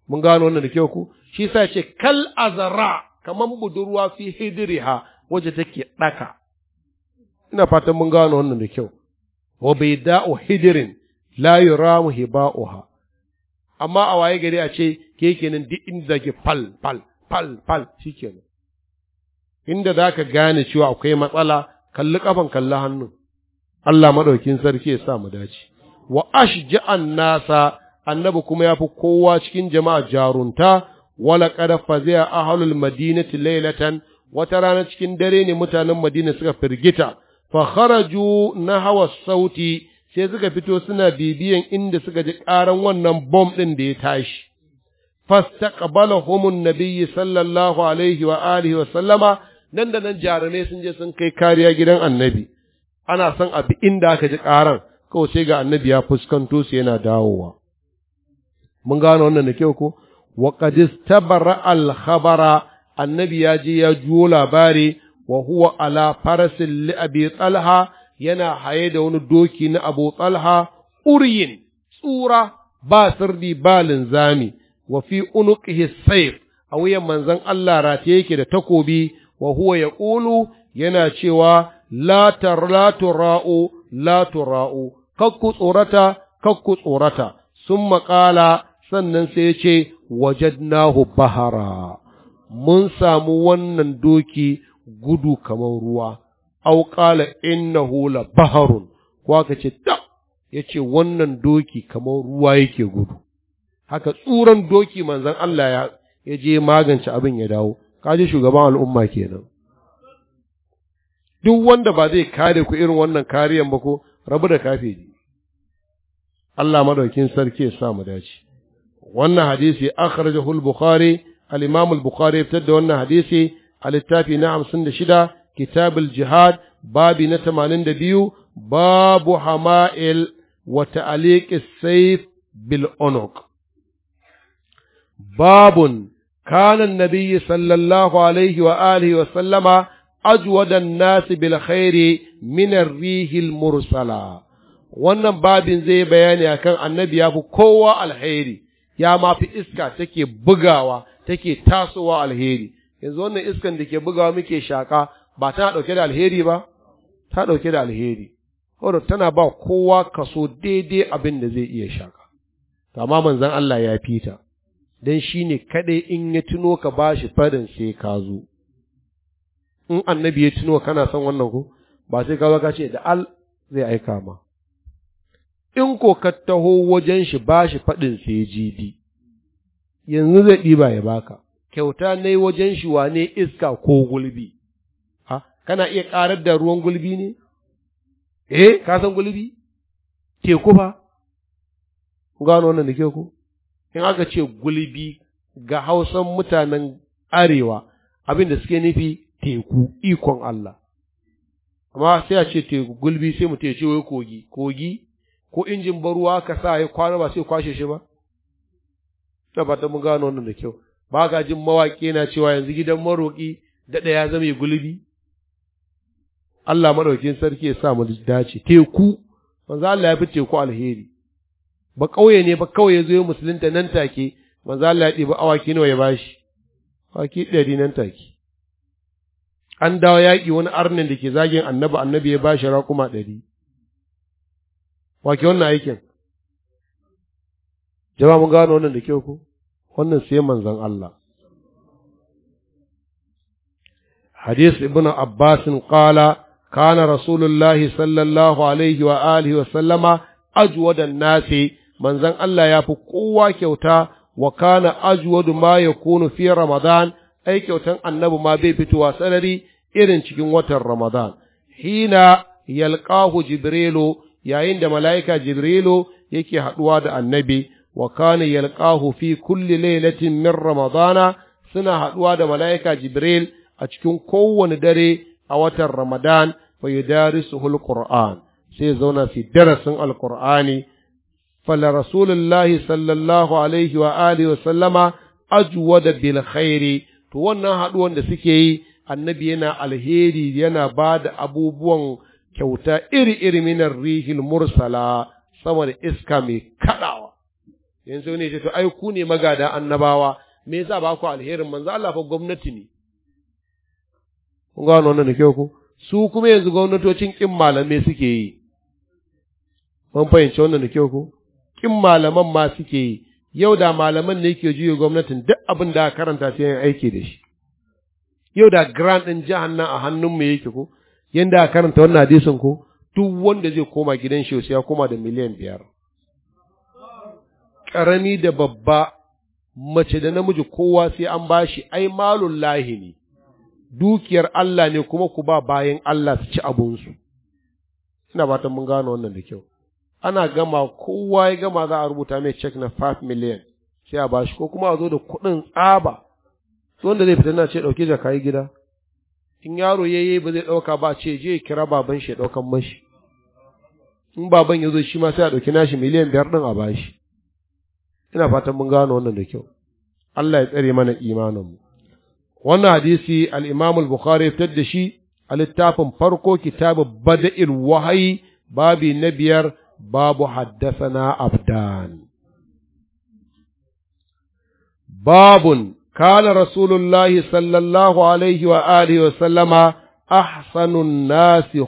mun gano wannan da kyau ku shi sa ce kal azara kamar budurwa fi hidriha waje take ɗaka. ina fatan mun gano wannan da kyau wa bayda'u hidrin la yuramu hiba'uha amma a waye gari a ce ke kenan duk inda ke fal fal fal fal shikenan inda zaka gane cewa akwai matsala kalli kafan kalli hannu Allah madaukin sarki ya sa mu dace wa ashja'an nasa annabi kuma ya fi kowa cikin jama'a jarunta wala kada faziya ahlul madinati laylatan wata rana cikin dare ne mutanen madina suka firgita fa kharaju hawa sauti sai suka fito suna bibiyan inda suka ji ƙaran wannan bom ɗin da ya tashi fastaqbalahum an sallallahu alaihi wa alihi wa sallama nan da nan jarumai sun je sun kai kariya gidan annabi ana son abi inda aka ji ƙaran kawai sai ga annabi ya fuskanto su yana dawowa mun gano wannan da kyau ko wa qad al khabara annabi ya je ya juwo labari wa huwa ala tsalha li abi talha yana haye da wani doki na abu talha Uriyin tsura ba sirdi ba linzami wa fi unuqihi sayf a wuyan manzon Allah rataye yake da takobi wa huwa yaqulu yana cewa la tar la tura'u kakku tsorata kakku tsorata sun maƙala sannan sai ya ce wajadnahu bahara mun samu wannan doki gudu kamar ruwa au qala innahu la baharun ko aka ce ta yace wannan doki kamar ruwa yake gudu haka tsuran doki manzon Allah ya yaje magance abin ya dawo kaje shugaban al'umma kenan duk wanda ba zai kare ku irin wannan kariyan ba ko rabu da kafeji Allah madaukin sarki ya sa mu dace وأن حديثي أخرجه البخاري الإمام البخاري ابتدى وأن حديثي على التافي نعم سنة شدة كتاب الجهاد باب نتم بيو باب حمائل وتعليق السيف بالأنق باب كان النبي صلى الله عليه وآله وسلم أجود الناس بالخير من الريح المرسلة وأن باب زي بياني كان النبي أبو قوة الخيري ya fi iska take bugawa take tasowa alheri yanzu wannan iskan da ke bugawa muke shaka ba tana ɗauke da alheri ba ta ɗauke da alheri wadda tana ba kowa kaso daidai abin da zai iya shaka amma manzan Allah ya fita don shi ne kaɗai in ya tuno ka ba shi farin sai ka zo in annabi ya tuno kana son wannan ko ba sai ka ka ce da al zai aika ma in ko ka taho wajen shi ba shi faɗin sai jidi, yanzu zai ɗiba ya baka, kyauta na yi wajen shi wane iska ko gulbi, ha, kana iya ƙarar da ruwan gulbi ne? Eh, ka san gulbi? Teku ba? gano wannan da ke ku? In aka ce gulbi ga hausan mutanen arewa, abin da suke nufi teku ikon Allah. Amma sai a ce teku gulbi sai mu ce wai kogi, kogi ko injin ba ruwa ka sa ya kwana ba sai kwashe shi ba ta fata mun gano wannan da kyau ba ka jin mawaƙi na cewa yanzu gidan maroƙi daɗa ya zama gulbi Allah maɗaukin sarki ya sa mu dace teku manzo Allah ya fi teku alheri ba ƙauye ne ba kawai zai zo musulunta nan take manzo Allah ya ɗiba awaki nawa ya bashi awaki ɗari nan take an dawo yaƙi wani arnin da ke zagin annabi annabi ya bashi raƙuma ɗari wake wannan aikin jama'a mun gano wannan da kyau ko wannan sai manzon Allah حديث ابن عباس قال كان رسول الله صلى الله عليه وآله وسلم أجود الناس من زن الله يفو كيوتا وكان أجود ما يكون في رمضان أي كيوتا ما إرن شكين وتر رمضان حين يلقاه جبريل yayin da mala'ika jibrilu yake haɗuwa da annabi wa kana yalqahu fi kulli lailatin min ramadana suna haɗuwa da mala'ika jibril a cikin kowane dare a watan ramadan fa yudarisuhu alquran sai zauna fi darasin Alƙur'ani. fala rasulullahi sallallahu alaihi wa alihi wa sallama ajwada bil khairi to wannan haɗuwan da suke yi annabi yana alheri yana ba da abubuwan kyauta iri-iri minar rihil mursala sama da iska mai kaɗawa. Yanzu ne ce, to ai ku ne magada annabawa, me yasa ba ku alherin manzo Allah fa gwamnati ne. Kun gano wannan da kyau ku? Su kuma yanzu gwamnatocin kin malamai suke yi. Mun fahimci wannan da kyau ku? Kin malaman ma suke yi. Yau da malaman ne ke juya gwamnatin duk abin da karanta sai yin aiki da shi. Yau da grant ɗin jihar nan a hannunmu yake ko, yanda a karanta wannan hadisin ko duk wanda zai koma gidan shi sai ya koma da miliyan biyar ƙarami da babba mace da namiji kowa sai an bashi ai malun lahi ne dukiyar Allah ne kuma ku ba bayan Allah su ci abunsu ina batan mun gano wannan da kyau ana gama kowa ya gama za a rubuta mai cek na 5 miliyan sai a bashi ko kuma a zo da kuɗin tsaba wanda zai fita na ce ɗauke jaka yi gida in yaro ya yi ba zai ɗauka ba ce je kira baban shi ɗaukan mashi in baban ya zo shi ma sai a ɗauki nashi miliyan biyar ɗin a bashi ina fatan mun gano wannan da kyau Allah ya tsare mana imanin mu. wannan hadisi al-Imam al-Bukhari fitar da shi a littafin farko kitabin bada'il wahayi babi na biyar babu Haddasa na abdan babun kala rasulullahi sallallahu alaihi wa alihi wa sallama ahsanun nasi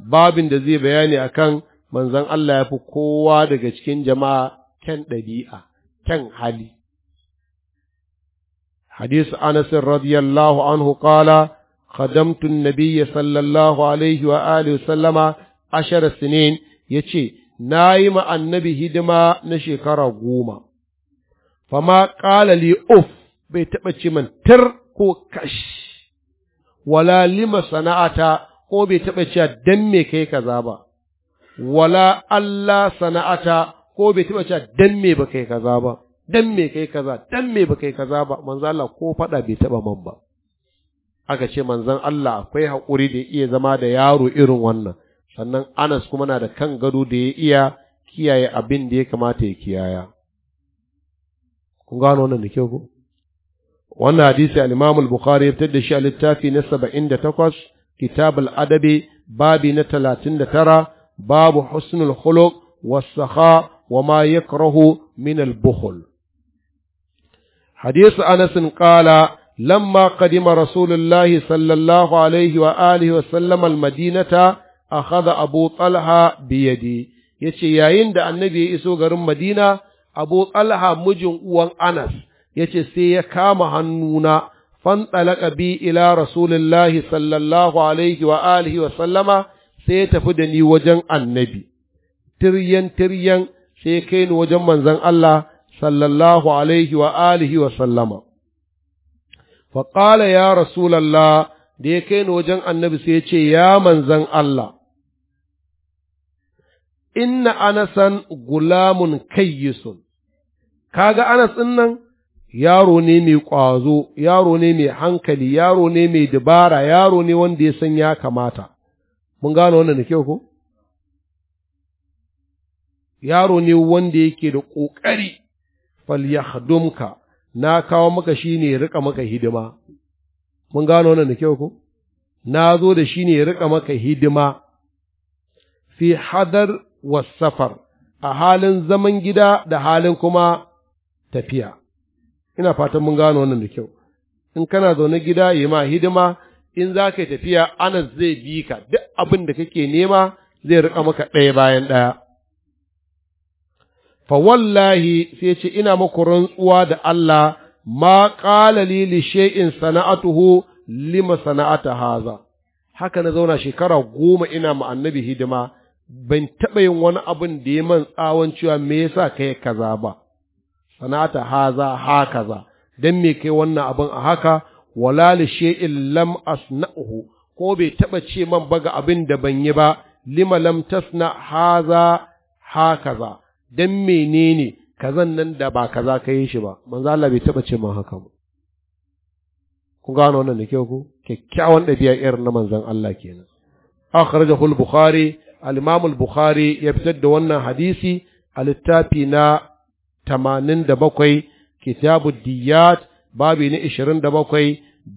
babin da zai bayani akan manzon Allah ya fi kowa daga cikin jama'a kyan ɗabi'a kyan hali حديث أنس رضي الله عنه قال خدمت النبي صلى الله عليه وآله وسلم عشر سنين يتشي نايم النبي هدما نشكر قوما fama ƙala li uf bai taɓa ce man tar ko kash wala lima sana'ata ko bai taɓa cewa dan me kai kaza ba wala Allah sana'ata ko bai taɓa cewa dan me ba kai kaza ba dan me kai kaza dan me ba kai kaza ba manzo Allah ko faɗa bai taɓa man ba aka ce manzon Allah akwai haƙuri da iya zama da yaro irin wannan sannan Anas kuma na da kan gado da ya iya kiyaye abin da ya kamata ya kiyaya kun gano wannan da kyau ko wannan hadisi al-Imam al-Bukhari ya fitar da shi a littafi na 78 Kitab al-Adabi babi na 39 babu husnul khuluq was-sakha wa ma yakrahu min al-bukhl حديث أنس قال لما قدم رسول الله صلى الله عليه وآله وسلم المدينة أخذ أبو طلحة بيدي يتشي يا إند النبي إسو غرم abu talha mijin uwan anas ya ce sai ya kama hannuna fantsalaka bi ila rasulillahi sallallahu alaihi wa alihi wa sallama sai ya tafi da ni wajen annabi tiryan tiryan sai kai ni wajen manzon Allah sallallahu alaihi wa alihi wa sallama fa qala ya rasulallah da ya kai ni wajen annabi sai ya ce ya manzon Allah inna anasan gulamun kayyisun kaga anas ɗin nan yaro ne mai ƙwazo yaro ne mai hankali yaro ne mai dabara yaro ne wanda ya san ya kamata mun gano wannan da kyau ko yaro ne wanda yake da ƙoƙari falyahdumka na kawo maka shi ne rika maka hidima mun gano wannan da kyau ko na zo da shi ne rika maka hidima fi hadar wasafar a halin zaman gida da halin kuma tafiya ina fatan mun gano wannan da kyau in kana zaune gida yi ma hidima in za ka yi tafiya anas zai bi ka duk abin da kake nema zai riƙa maka ɗaya bayan ɗaya fa wallahi sai ce ina maku rantsuwa da Allah ma ƙala lili she'in shay'in sana'atuhu lima sana'ata haza haka na zauna shekara goma ina ma hidima ban taɓa yin wani abin da ya man tsawon cewa me yasa kai kaza ba sanata haza ha kaza dan me kai wannan abin a haka wala li shay'in lam asna'uhu ko bai taɓa ce man baga abin da ban yi ba lima lam tasna haza ha kaza dan menene kazan nan da ba kaza ka yi shi ba manzo Allah bai taɓa ce man haka ba kun gano wannan da kyau ku kyakkyawan ɗabi'a irin na manzon Allah kenan akhrajahu al-bukhari al-Imam al-Bukhari ya fitar da wannan hadisi a littafi na 87 Kitabu Diyat babi na 27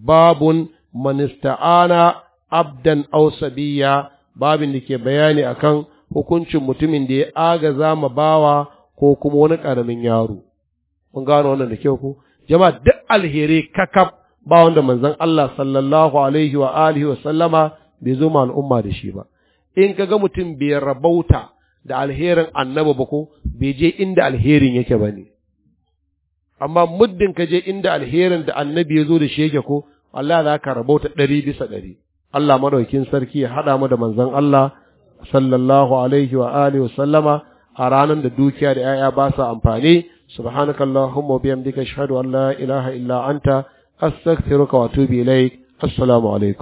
babun man ista'ana abdan aw Sabiyya, babin da ke bayani akan hukuncin mutumin da ya agaza ma bawa ko kuma wani ƙaramin yaro kun gano wannan da kyau ku jama'a duk alheri kakaf ba wanda manzon Allah sallallahu alaihi wa alihi wa sallama bai zo ma al'umma da shi ba in ka ga mutum bai rabauta da alherin annabi ba ko bai je inda alherin yake ba ne amma muddin ka je inda alherin da annabi ya zo da shi yake ko Allah za ka rabauta ɗari bisa ɗari Allah madaukin sarki ya haɗa mu da manzon Allah sallallahu alaihi wa alihi wa sallama a ranar da dukiya da 'ya'ya ba sa amfani subhanakallahumma wa bihamdika ashhadu an la ilaha illa anta astaghfiruka wa atubu ilaik